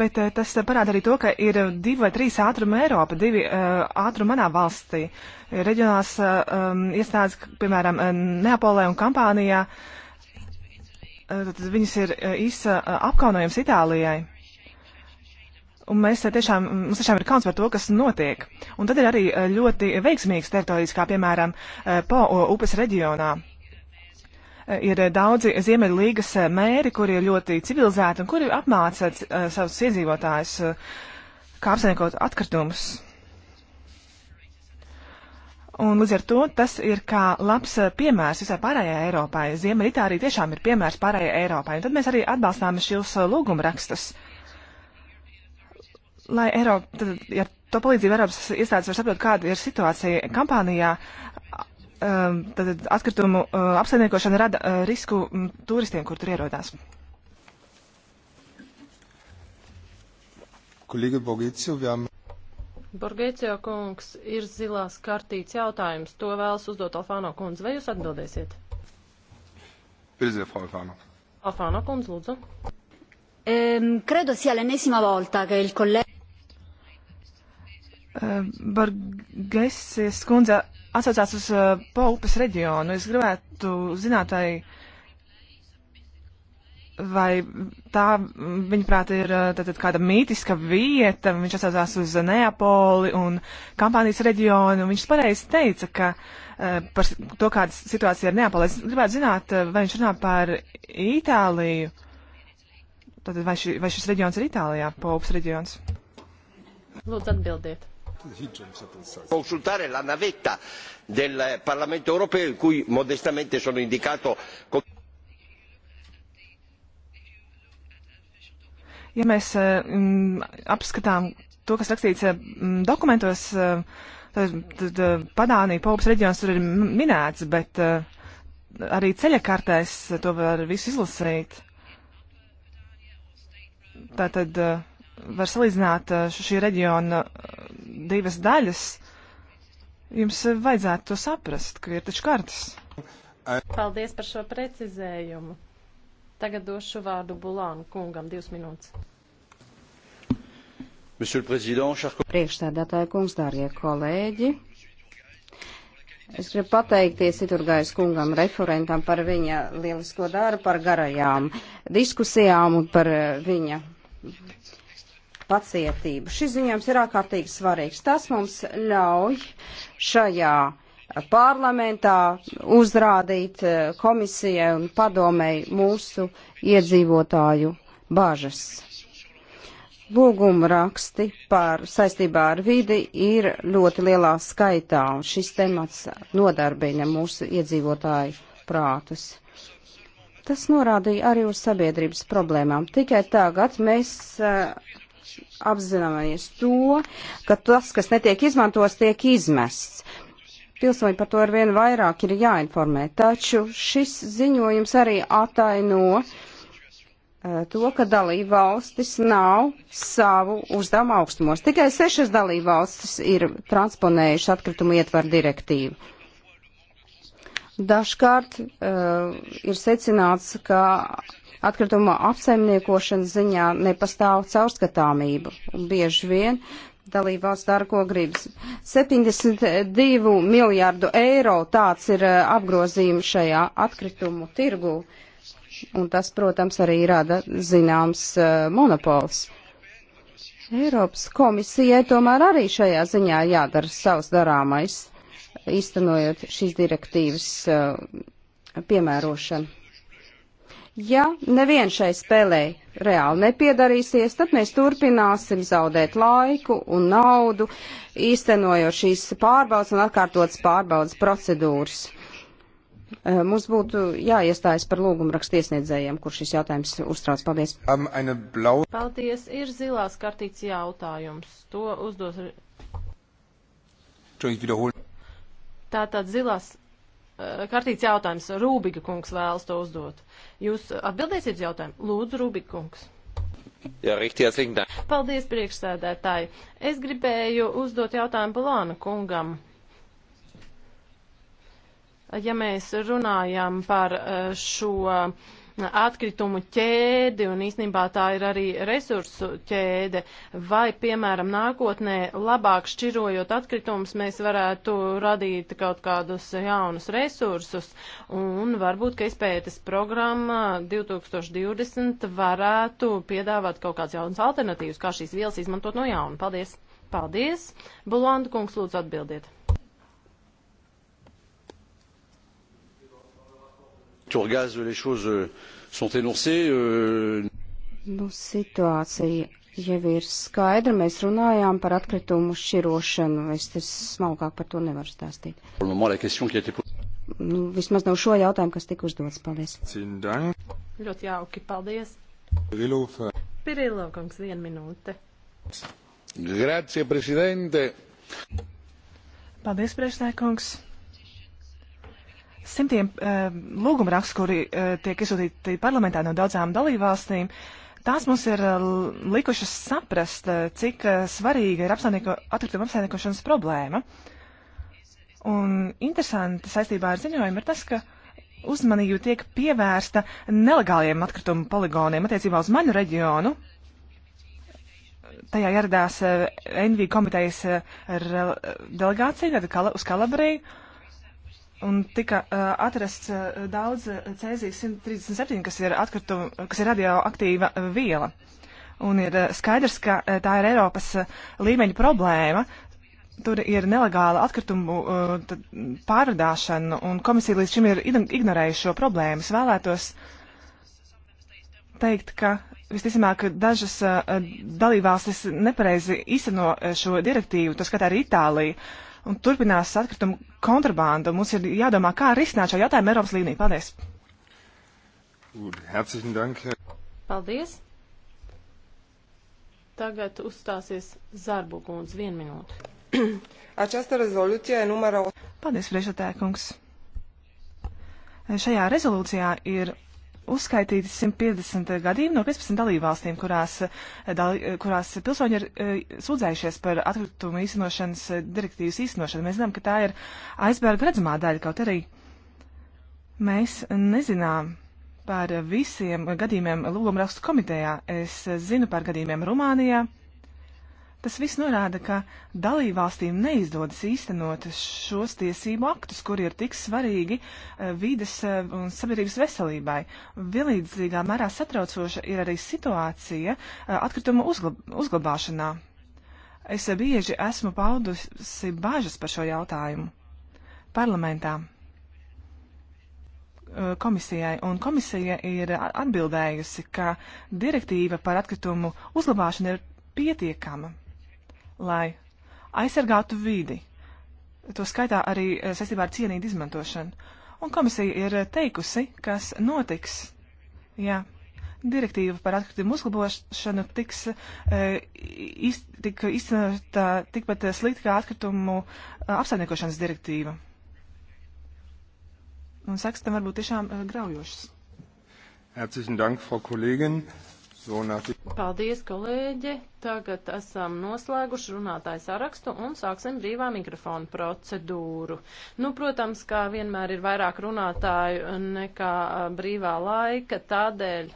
[SPEAKER 3] Bet tas parāda arī to, ka ir divi vai trīs ātruma Eiropa, divi uh, ātruma manā valstī. Reģionālās uh, iestādes, piemēram, Neapolē un Kampānijā, uh, tad viņas ir īsa apkaunojums Itālijai. Un mēs tiešām, mums tiešām ir kauns par to, kas notiek. Un tad ir arī eh, ļoti veiksmīgas teritorijas, kā piemēram eh, Po upes reģionā. Eh, ir daudzi Ziemeļlīgas mēri, kuri ir ļoti civilizēti un kuri apmāca savus iedzīvotājus, kā apsaimniekot atkritumus. Un līdz ar to tas ir kā labs piemērs visai pārējai Eiropai. Ziemeļitālija tiešām ir piemērs pārējai Eiropai. Un tad mēs arī atbalstām šos lūgumrakstus lai Eiropa, tad, ja to palīdzību Eiropas iestādes var saprot, kāda ir situācija kampānijā, um, tad atkritumu uh, apsaimniekošana rada uh, risku mm, turistiem, kur tur ierodās.
[SPEAKER 1] Kolēģi Bogicu, vēl.
[SPEAKER 2] Borgēcio kungs, ir zilās kartīts jautājums. To vēlas uzdot Alfāno kundze. Vai jūs atbildēsiet? Pirzie, Alfāno. Alfāno kundze, lūdzu. Ehm, credo sia l'ennesima volta che il collega.
[SPEAKER 3] Eh, Bargeses kundze atsaucās uz uh, eh, Paupes reģionu. Es gribētu zināt, vai, vai tā, viņaprāt, ir tātad eh, kāda mītiska vieta. Viņš atsaucās uz Neapoli un kampānijas reģionu. Viņš pareizi teica, ka uh, par to, kāda situācija ir Neapolē. Es gribētu zināt, vai viņš runā par Itāliju. Uh, Tātad vai, ši, vai šis reģions ir Itālijā, Paups reģions?
[SPEAKER 2] Lūdzu atbildiet. Consultare la navetta del Parlamento europeo in cui modestamente sono indicato.
[SPEAKER 3] Ja mēs mm, apskatām to, kas rakstīts mm, dokumentos, eh, tad, tad Padānija, Paups reģions tur ir minēts, bet arī ceļakartēs to var visu izlasīt. Tātad eh, var salīdzināt eh, šī reģiona eh, divas daļas. Jums vajadzētu to saprast, ka ir taču kartas.
[SPEAKER 2] Paldies par šo precizējumu. Tagad došu vārdu Bulānu kungam divas minūtes.
[SPEAKER 1] Priekšstādātāja kungs, dārgie kolēģi, es gribu pateikties Iturgājas kungam referentam par viņa lielisko darbu, par garajām diskusijām un par viņa pacietību. Šis ziņojums ir ārkārtīgi svarīgs. Tas mums ļauj šajā parlamentā uzrādīt eh, komisijai un padomēji mūsu iedzīvotāju bažas. Lūguma raksti par saistībā ar vidi ir ļoti lielā skaitā, un šis temats nodarbina mūsu iedzīvotāju prātus. Tas norādīja arī uz sabiedrības problēmām. Tikai tagad mēs uh, apzināmies to, ka tas, kas netiek izmantos, tiek izmests. Pilsoņi par to ar vien vairāk ir jāinformē, taču šis ziņojums arī ataino uh, to, ka dalība valstis nav savu uzdevumu augstumos. Tikai sešas dalība valstis ir transponējušas atkritumu ietvaru direktīvu. Dažkārt uh, ir secināts, ka atkrituma apsaimniekošanas ziņā nepastāv caurskatāmība. Bieži vien dalībvalsts dara, ko gribas. 72 miljārdu eiro tāds ir eh, apgrozījums šajā atkritumu tirgu, un tas, protams, arī rada zināms eh, monopols. Eiropas komisijai tomēr arī šajā ziņā jādara savs darāmais īstenojot šīs direktīvas uh, piemērošanu. Ja neviens šai spēlē reāli nepiedarīsies, tad mēs turpināsim zaudēt laiku un naudu, īstenojot šīs pārbaudas un atkārtotas pārbaudas procedūras. Uh, mums būtu jāiestājas par lūgumu rakstiesniedzējiem, kur šis jautājums uztrauc. Paldies. Blau...
[SPEAKER 2] Paldies. Ir zilās kartīts jautājums. To uzdos. Tātad zilās eh, kartīts jautājums. Rūbiga kungs vēlas to uzdot. Jūs atbildēsiet jautājumu? Lūdzu, Rūbiga kungs. Jā, rīktie cīņā. Paldies, priekšsēdētāji. Es gribēju uzdot jautājumu Balāna kungam. Ja mēs runājam par eh, šo atkritumu ķēdi, un īstenībā tā ir arī resursu ķēde, vai, piemēram, nākotnē labāk šķirojot atkritumus, mēs varētu radīt kaut kādus jaunus resursus, un varbūt, ka izpētes programma 2020 varētu piedāvāt kaut kāds jauns alternatīvs, kā šīs vielas izmantot no jauna. Paldies! Paldies! Bulanda kungs, lūdzu atbildiet!
[SPEAKER 1] Turgaz les choses euh, sont énoncées. Euh... Nu, situācija jau ir skaidra. Mēs runājām par atkritumu šķirošanu. Es te smalkāk par to nevaru stāstīt.
[SPEAKER 3] Nu,
[SPEAKER 1] vismaz nav šo jautājumu, kas tika uzdots. Paldies.
[SPEAKER 2] Ļoti jauki, paldies.
[SPEAKER 1] Pirilo,
[SPEAKER 2] kungs, viena minūte.
[SPEAKER 1] Grazie,
[SPEAKER 3] prezidente. Paldies, priekšsēkungs. Simtiem eh, lūguma rakstu, kuri eh, tiek izsūtīti parlamentā no daudzām dalībvalstīm, tās mums ir eh, likušas saprast, cik svarīga ir atkrituma apsaimniekošanas problēma. Un interesanti saistībā ar ziņojumu ir tas, ka uzmanība tiek pievērsta nelegāliem atkritumu poligoniem attiecībā uz manu reģionu. Tajā ieradās NV komitejas delegācija uz Kalabriju, un tika uh, atrasts uh, daudz cēzijas 137, kas ir, atkartum, kas ir radioaktīva viela. Un ir uh, skaidrs, ka uh, tā ir Eiropas uh, līmeņa problēma. Tur ir nelegāla atkritumu uh, pārvadāšana, un komisija līdz šim ir ignorējuši šo problēmu. Es vēlētos teikt, ka visticamāk dažas uh, dalībvalstis nepareizi īsteno šo direktīvu, tas skatā arī Itālija. Uh, un turpinās atkritumu kontrabanda. Mums ir jādomā, kā risināt šo jautājumu Eiropas līmenī. Paldies!
[SPEAKER 2] Paldies! Tagad uzstāsies Zārbuguns
[SPEAKER 3] vienu minūtu. [clears throat] Această rezolūcija ir e numero... Paldies, priekšsēdētājkungs. Šajā rezolūcijā ir uzskaitīti 150 gadījumi no 15 dalībvalstīm, kurās, eh, dal, eh, kurās pilsoņi ir eh, sūdzējušies par atkritumu īstenošanas direktīvas īstenošanu. Mēs zinām, ka tā ir aizbērga redzamā daļa, kaut arī mēs nezinām par visiem gadījumiem lūgumrakstu komitejā. Es zinu par gadījumiem Rumānijā, Tas viss norāda, ka dalībvalstīm neizdodas īstenot šos tiesību aktus, kuri ir tik svarīgi uh, vides uh, un sabiedrības veselībai. Vienlīdzīgā mērā satraucoša ir arī situācija uh, atkritumu uzglab uzglabāšanā. Es bieži esmu paudusi bāžas par šo jautājumu parlamentā komisijai, un komisija ir atbildējusi, ka direktīva par atkritumu uzglabāšanu ir pietiekama lai aizsargātu vidi. To skaitā arī eh, saistībā ar cienītu izmantošanu. Un komisija ir eh, teikusi, kas notiks. Jā, direktīva par atkritumu uzlabošanu tiks e, eh, iztenota iz, tikpat slikti kā atkritumu apsaimniekošanas direktīva. Un sekas tam varbūt tiešām graujošas.
[SPEAKER 2] Herzlichen Dank, Frau Kollegin.
[SPEAKER 1] Paldies,
[SPEAKER 2] kolēģi! Tagad esam noslēguši runātāju sarakstu un sāksim brīvā mikrofona procedūru. Nu, protams, kā vienmēr ir vairāk runātāju nekā brīvā laika, tādēļ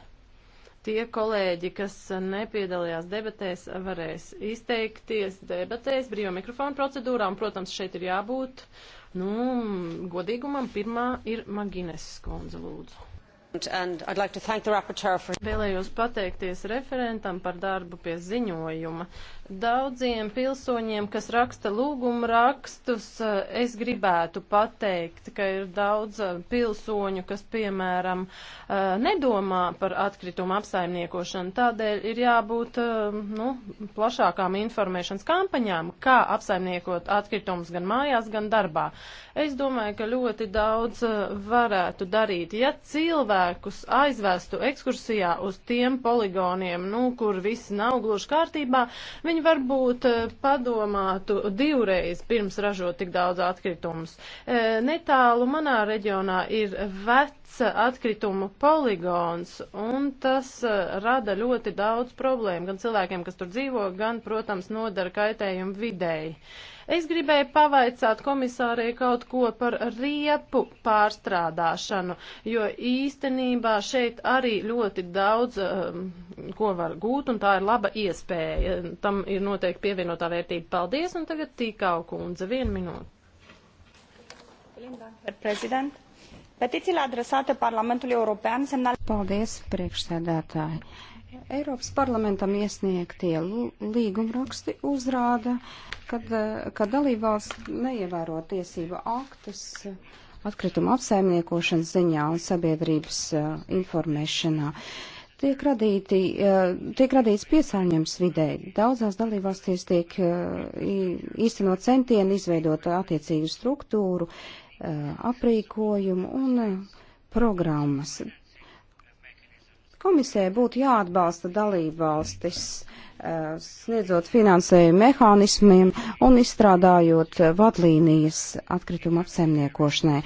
[SPEAKER 2] tie kolēģi, kas nepiedalījās debatēs, varēs izteikties debatēs brīvā mikrofona procedūrā, un, protams, šeit ir jābūt, nu, godīgumam pirmā ir Magines skundze, lūdzu. Vēlējos pateikties referentam par darbu pie ziņojuma. Daudziem pilsoņiem, kas raksta lūgumu rakstus, eh, es gribētu pateikt, ka ir daudz eh, pilsoņu, kas, piemēram, eh, nedomā par atkritumu apsaimniekošanu. Tādēļ ir jābūt nu, plašākām informēšanas kampaņām, kā apsaimniekot atkritumus gan mājās, gan darbā. Es domāju, ka ļoti daudz varētu darīt, ja cilvēkus aizvestu ekskursijā uz tiem poligoniem, nu, kur viss nav gluži kārtībā. Viņi viņi varbūt eh, padomātu divreiz pirms ražot tik daudz atkritumus. Eh, netālu manā reģionā ir vecs atkritumu poligons, un tas eh, rada ļoti daudz problēmu gan cilvēkiem, kas tur dzīvo, gan, protams, nodara kaitējumu vidēji. Uh, Es gribēju pavaicāt komisārai kaut ko par riepu pārstrādāšanu, jo īstenībā šeit arī ļoti daudz, um, ko var gūt, un tā ir laba iespēja. Tam ir noteikti pievienotā vērtība.
[SPEAKER 1] Paldies, un tagad tīkau kundze, vienu minūti. Petițiile adresate Parlamentului European semnal... Paldies, priekšsēdētāji. Eiropas parlamentam iesniegtie līgumraksti uzrāda, kad, eh, ka dalībvalsts neievēro tiesību aktus atkrituma apsaimniekošanas ziņā un sabiedrības uh, informēšanā. Tiek, radīti, uh, tiek radīts piesārņojums vidē. Daudzās dalībvalstīs tiek uh, īstenot centieni izveidot attiecīgu struktūru, aprīkojumu un programmas. Komisijai būtu jāatbalsta dalībvalstis, eh, sniedzot finansējumu mehānismiem un izstrādājot eh, vadlīnijas atkrituma apsaimniekošanai.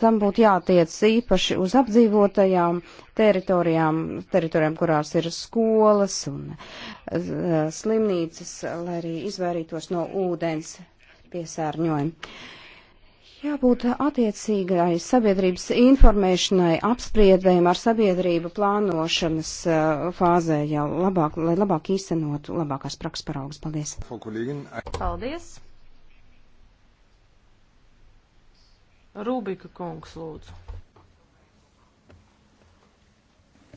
[SPEAKER 1] Tam būtu jātiec īpaši uz apdzīvotajām teritorijām, teritorijām, kurās ir skolas un eh, slimnīcas, lai arī izvairītos no ūdens piesārņojuma. Jābūt attiecīgai sabiedrības informēšanai, apspriedēm ar sabiedrību plānošanas uh, fāzē, jau labāk, lai labāk īstenotu labākās prakses paraugas. Paldies!
[SPEAKER 2] Paldies! Rūbika kungs lūdzu.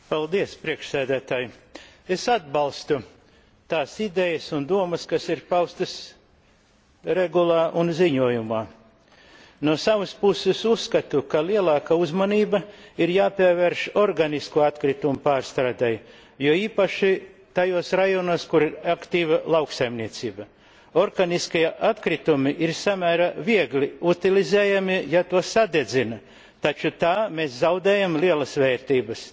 [SPEAKER 1] Paldies, priekšsēdētāji! Es atbalstu tās idejas un domas, kas ir paustas regulā un ziņojumā no savas puses uzskatu ka lielāka uzmanība ir jāpievērš organisko atkritumu pārstrādei jo īpaši tajos rajonos kur ir aktīva lauksaimniecība. organiskie atkritumi ir samērā viegli utilizējami ja tos sadedzina taču tā mēs zaudējam lielas vērtības.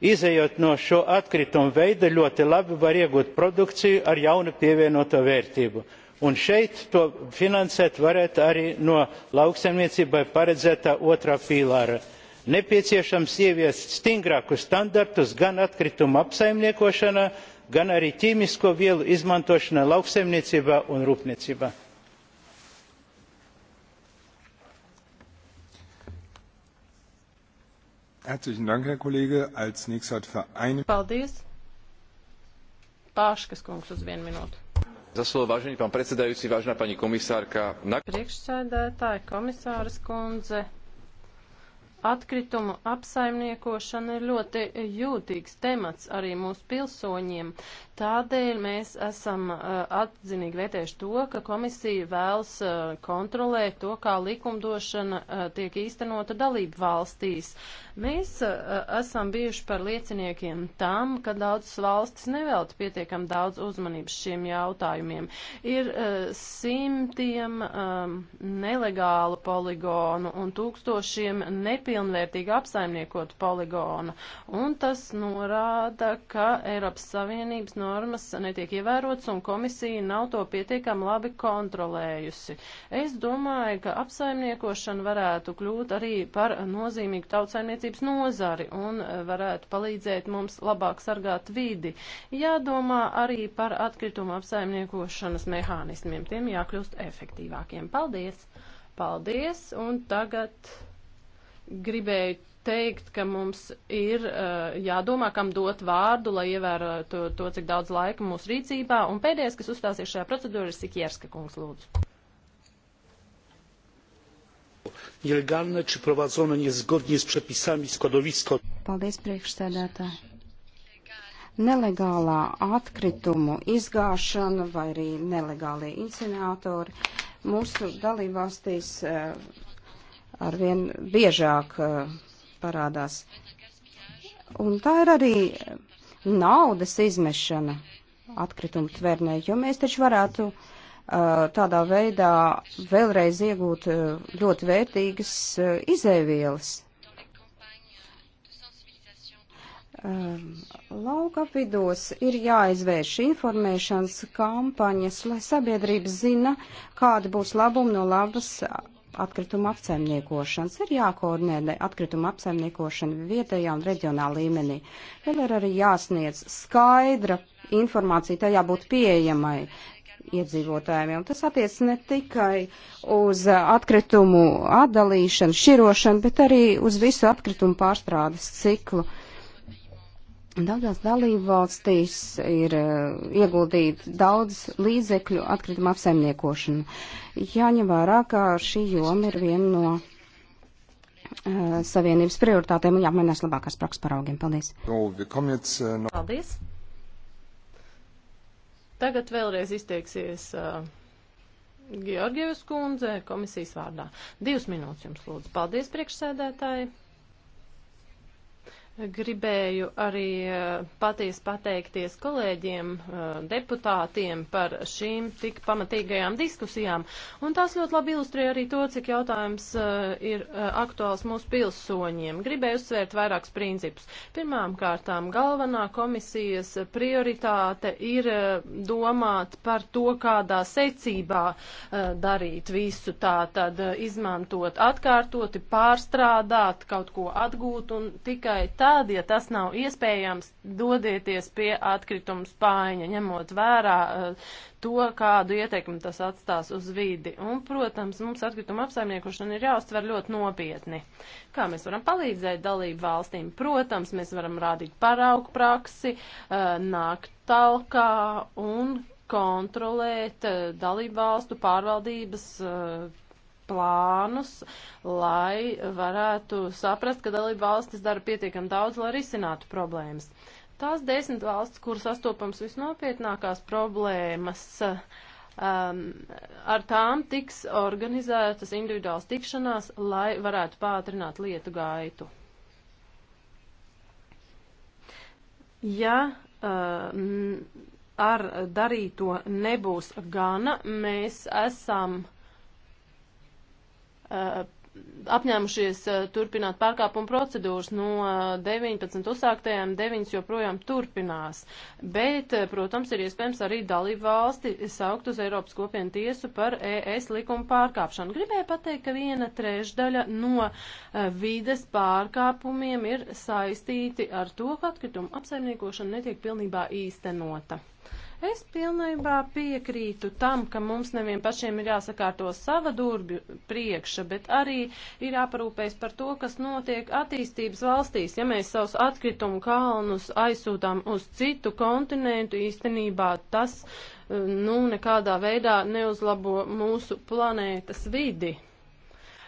[SPEAKER 1] izejot no šo atkritumu veida ļoti labi var iegūt produkciju ar jaunu pievienoto vērtību un šeit to finansēt varētu arī no lauksaimniecībai paredzētā otrā pīlāra. nepieciešams ieviest stingrākus standartus gan atkritumu apsaimniekošanā gan arī ķīmisko vielu izmantošanā lauksaimniecībā un rūpniecībā. Herzlichen Dank, Herr Kollege. Als nächstes hat für eine
[SPEAKER 2] Paldies. Pāškas kungs uz vienu minūtu. Vážený pán predsedajúci, vážená pani komisárka. Na... Priekšsēdētāji, komisāras kundze, atkritumu apsaimniekošana ir ļoti jūtīgs temats arī mūsu pilsoņiem. Tādēļ mēs esam uh, atzinīgi vērtējuši to, ka komisija vēlas uh, kontrolēt to, kā likumdošana uh, tiek īstenota dalību valstīs. Mēs uh, esam bijuši par lieciniekiem tam, ka daudzas valstis nevēlt pietiekam daudz uzmanības šiem jautājumiem. Ir uh, simtiem um, nelegālu poligonu un tūkstošiem nepilnvērtīgi apsaimniekotu poligonu. Un tas norāda, ka Eiropas Savienības no normas netiek ievērotas un komisija nav to pietiekami labi kontrolējusi. Es domāju, ka apsaimniekošana varētu kļūt arī par nozīmīgu tautsaimniecības nozari un varētu palīdzēt mums labāk sargāt vidi. Jādomā arī par atkritumu apsaimniekošanas mehānismiem. Tiem jākļūst efektīvākiem. Paldies! Paldies! Un tagad gribēju teikt, ka mums ir uh, jādomā, kam dot vārdu, lai ievērotu to, to, cik daudz laika mūsu rīcībā. Un pēdējais, kas uzstāsies šajā procedūrā, ir Sikierska
[SPEAKER 1] kungs, lūdzu. Nielegalne czy prowadzone niezgodnie z przepisami składowisko. Paldies, priekšsēdētāji. Nelegālā atkritumu izgāšana vai arī nelegālie incinētori mūsu dalībvalstīs uh, arvien biežāk uh, parādās. Un tā ir arī naudas izmešana atkritumu tvernē, jo mēs taču varētu uh, tādā veidā vēlreiz iegūt uh, ļoti vērtīgas uh, izēvielas. Um, lauka apvidos ir jāizvērš informēšanas kampaņas, lai sabiedrība zina, kāda būs labuma no labas atkrituma apsaimniekošanas. Ir jākoordinē atkrituma apsaimniekošana vietējā un reģionāla līmenī. Vēl ir arī jāsniedz skaidra informācija, tajā būtu pieejamai iedzīvotājiem. Un tas attiec ne tikai uz atkritumu atdalīšanu, širošanu, bet arī uz visu atkritumu pārstrādes ciklu. Uh, Daudzās dalībvalstīs ir eh, ieguldīti daudz līdzekļu atkrituma apsaimniekošanu. Jāņem vērā, ka šī joma ir viena no uh, savienības prioritātēm un jāmainās labākās prakses paraugiem. Paldies. Eh,
[SPEAKER 2] Paldies. Tagad vēlreiz izteiksies uh, Georgievas kundze komisijas vārdā. Divas minūtes jums lūdzu. Paldies, priekšsēdētāji. Gribēju arī eh, patiesi pateikties kolēģiem, eh, deputātiem par šīm tik pamatīgajām diskusijām. Un tās ļoti labi ilustrē arī to, cik jautājums eh, ir aktuāls mūsu pilsoņiem. Gribēju uzsvērt vairākus principus. Pirmām kārtām galvenā komisijas prioritāte ir domāt par to, kādā secībā darīt visu tā, tad izmantot atkārtoti, pārstrādāt, kaut ko atgūt un tikai tā tad, ja tas nav iespējams, dodieties pie atkritumu spāņa, ņemot vērā uh, to, kādu ietekmi tas atstās uz vidi. Un, protams, mums atkrituma apsaimniekošana ir jāuztver ļoti nopietni. Kā mēs varam palīdzēt dalību valstīm? Protams, mēs varam rādīt paraugu praksi, uh, nākt talkā un kontrolēt uh, dalību valstu pārvaldības uh, plānus, lai varētu saprast, ka dalība valstis dara pietiekam daudz, lai risinātu problēmas. Tās desmit valstis, kuras sastopams visnopietnākās problēmas, um, ar tām tiks organizētas individuāls tikšanās, lai varētu pātrināt lietu gaitu. Ja uh, ar darīto nebūs gana, mēs esam uh, Uh, apņēmušies uh, turpināt pārkāpumu procedūras no 19 uh, uzsāktajām, 9 joprojām turpinās. Bet, protams, ir iespējams arī dalību valsti saukt uz Eiropas kopienu tiesu par ES likumu pārkāpšanu. Gribēju pateikt, ka viena trešdaļa no vides pārkāpumiem ir saistīti ar to, ka atkritumu apsaimniekošana netiek pilnībā īstenota. Es pilnībā piekrītu tam, ka mums nevien pašiem ir jāsakārto sava durvju priekša, bet arī ir jāparūpējas par to, kas notiek attīstības valstīs. Ja mēs savus atkritumu kalnus aizsūtām uz citu kontinentu, īstenībā tas eh, nu, nekādā veidā neuzlabo mūsu planētas vidi.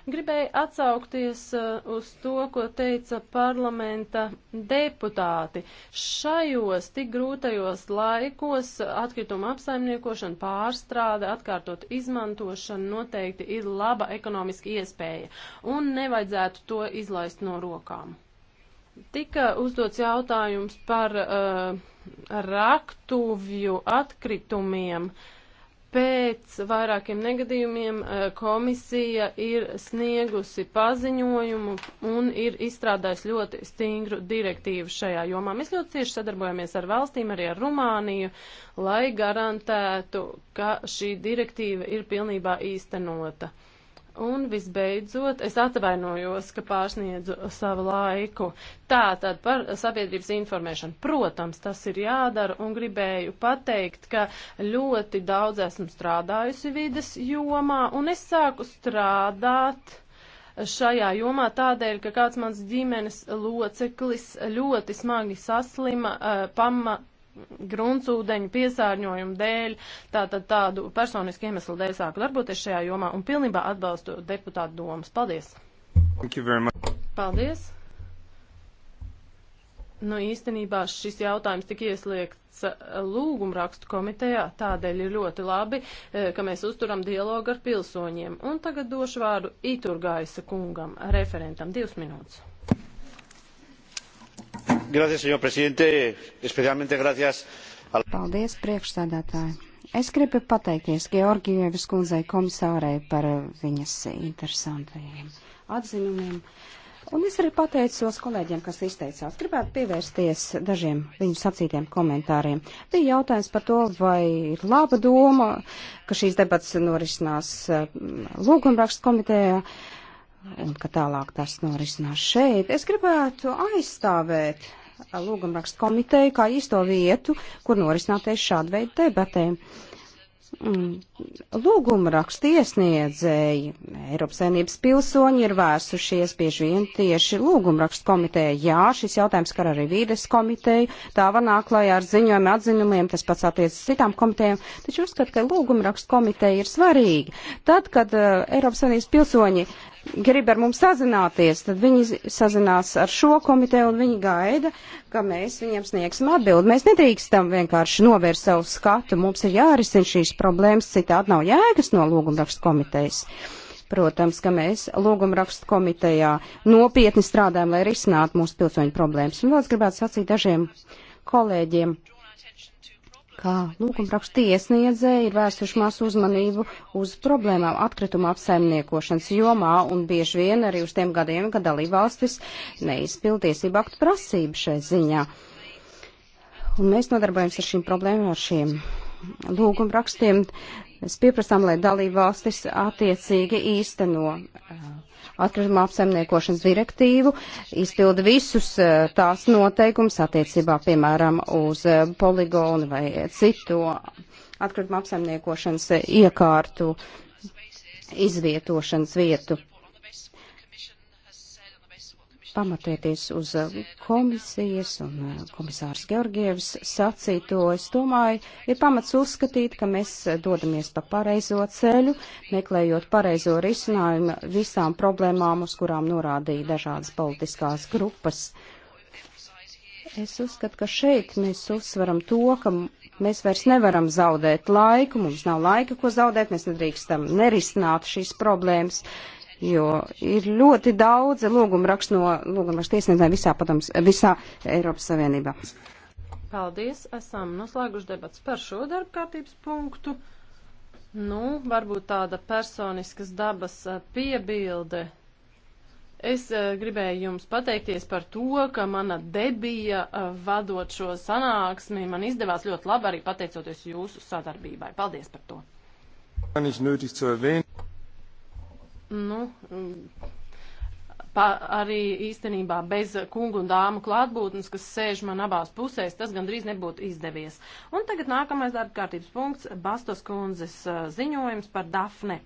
[SPEAKER 2] Gribēju atsaukties uh, uz to, ko teica parlamenta deputāti. Šajos tik grūtajos laikos atkrituma apsaimniekošana, pārstrāde, atkārtot izmantošana noteikti ir laba ekonomiska iespēja un nevajadzētu to izlaist no rokām. Tika uzdots jautājums par uh, raktuvju atkritumiem. Uh, Pēc vairākiem negadījumiem e, komisija ir sniegusi paziņojumu un ir izstrādājusi ļoti stingru direktīvu šajā jomā. Mēs ļoti cieši sadarbojamies ar valstīm, arī ar Rumāniju, lai garantētu, ka šī direktīva ir pilnībā īstenota. Un visbeidzot, es atvainojos, ka pārsniedzu savu laiku. Tātad par sabiedrības informēšanu. Protams, tas ir jādara un gribēju pateikt, ka ļoti daudz esmu strādājusi vides jomā un es sāku strādāt šajā jomā tādēļ, ka kāds mans ģimenes loceklis ļoti smagi saslima, eh, pama, gruntsūdeņu piesārņojumu dēļ, tātad tādu personisku iemeslu dēļ sāku darboties šajā jomā un pilnībā atbalstu deputātu domas. Paldies! Paldies! Nu, īstenībā šis jautājums tika iesliegts eh, lūgumrakstu komitejā, tādēļ ir ļoti labi, eh, ka mēs uzturam dialogu ar pilsoņiem. Un tagad došu vārdu Iturgaisa kungam, referentam,
[SPEAKER 1] divas minūtes. Gracias, señor presidente,
[SPEAKER 3] especialmente gracias. Al...
[SPEAKER 1] Paldies, priekšsēdētāji. Es gribu pateikties Georgievas kundzei komisārei par viņas interesantajiem atzinumiem. Un es arī pateicos kolēģiem, kas izteicās. Gribētu pievērsties dažiem viņu sacītiem komentāriem. Bija jautājums par to, vai ir laba doma, ka šīs debats norisinās eh, lūgumrakstu komitejā un ka tālāk tas norisinās šeit. Es gribētu aizstāvēt lūgumrakstu komiteju kā īsto vietu, kur norisināties šādu veidu debatēm. Mm. Lūguma raksti iesniedzēji Eiropas saimnības pilsoņi ir vērsušies bieži vien tieši lūguma rakstu komiteja. Jā, šis jautājums skar arī vīdes komiteju, tā var nāk klājā ar ziņojumu atzinumiem, tas pats attiecas citām komitejām, taču uzskat, ka lūguma rakstu komiteja ir svarīga. Tad, kad uh, Eiropas saimnības pilsoņi uh, grib ar mums sazināties, tad viņi sazinās ar šo komiteju un viņi gaida, ka mēs viņiem sniegsim atbildi. Mēs nedrīkstam vienkārši novērst savu skatu, mums ir jārisina šīs problēmas, citādi nav jēgas no lūgumrakstu komitejas. Protams, ka mēs lūgumrakstu komitejā nopietni strādājam, lai risinātu mūsu pilsoņu problēmas. Un vēl es gribētu sacīt dažiem kolēģiem kā lūgumrakstu iesniedzēji ir vērsuši masu uzmanību uz problēmām atkrituma apsaimniekošanas jomā un bieži vien arī uz tiem gadiem, kad dalībvalstis neizpildiesību aktu prasību šai ziņā. Un mēs nodarbojamies ar šīm problēmām, ar šiem lūgumrakstiem. Mēs pieprasām, lai dalība valstis attiecīgi īsteno atkrituma apsaimniekošanas direktīvu, izpilda visus tās noteikums attiecībā, piemēram, uz poligonu vai citu atkrituma apsaimniekošanas iekārtu izvietošanas vietu pamatēties uz uh, komisijas un uh, komisārs Georgievs sacīto, es domāju, ir pamats uzskatīt, ka mēs uh, dodamies pa pareizo ceļu, meklējot pareizo risinājumu visām problēmām, uz kurām norādīja dažādas politiskās grupas. Es uzskatu, ka šeit mēs uzsveram to, ka mēs vairs nevaram zaudēt laiku, mums nav laika, ko zaudēt, mēs nedrīkstam nerisināt šīs problēmas jo ir ļoti daudz lūguma rakstu no lūguma rakstu tiesniedzēju visā, padoms, visā Eiropas Savienībā.
[SPEAKER 2] Paldies, esam noslēguši debats par šo darba kārtības punktu. Nu, varbūt tāda personiskas dabas eh, piebilde. Es uh, gribēju jums pateikties par to, ka mana debija uh, vadot šo sanāksmi man izdevās ļoti labi arī pateicoties jūsu sadarbībai. Paldies par to! nu, pa, arī īstenībā bez kungu un dāmu klātbūtnes, kas sēž man abās pusēs, tas gandrīz nebūtu izdevies. Un tagad nākamais darba kārtības punkts - Bastos kundzes eh, ziņojums par Dafne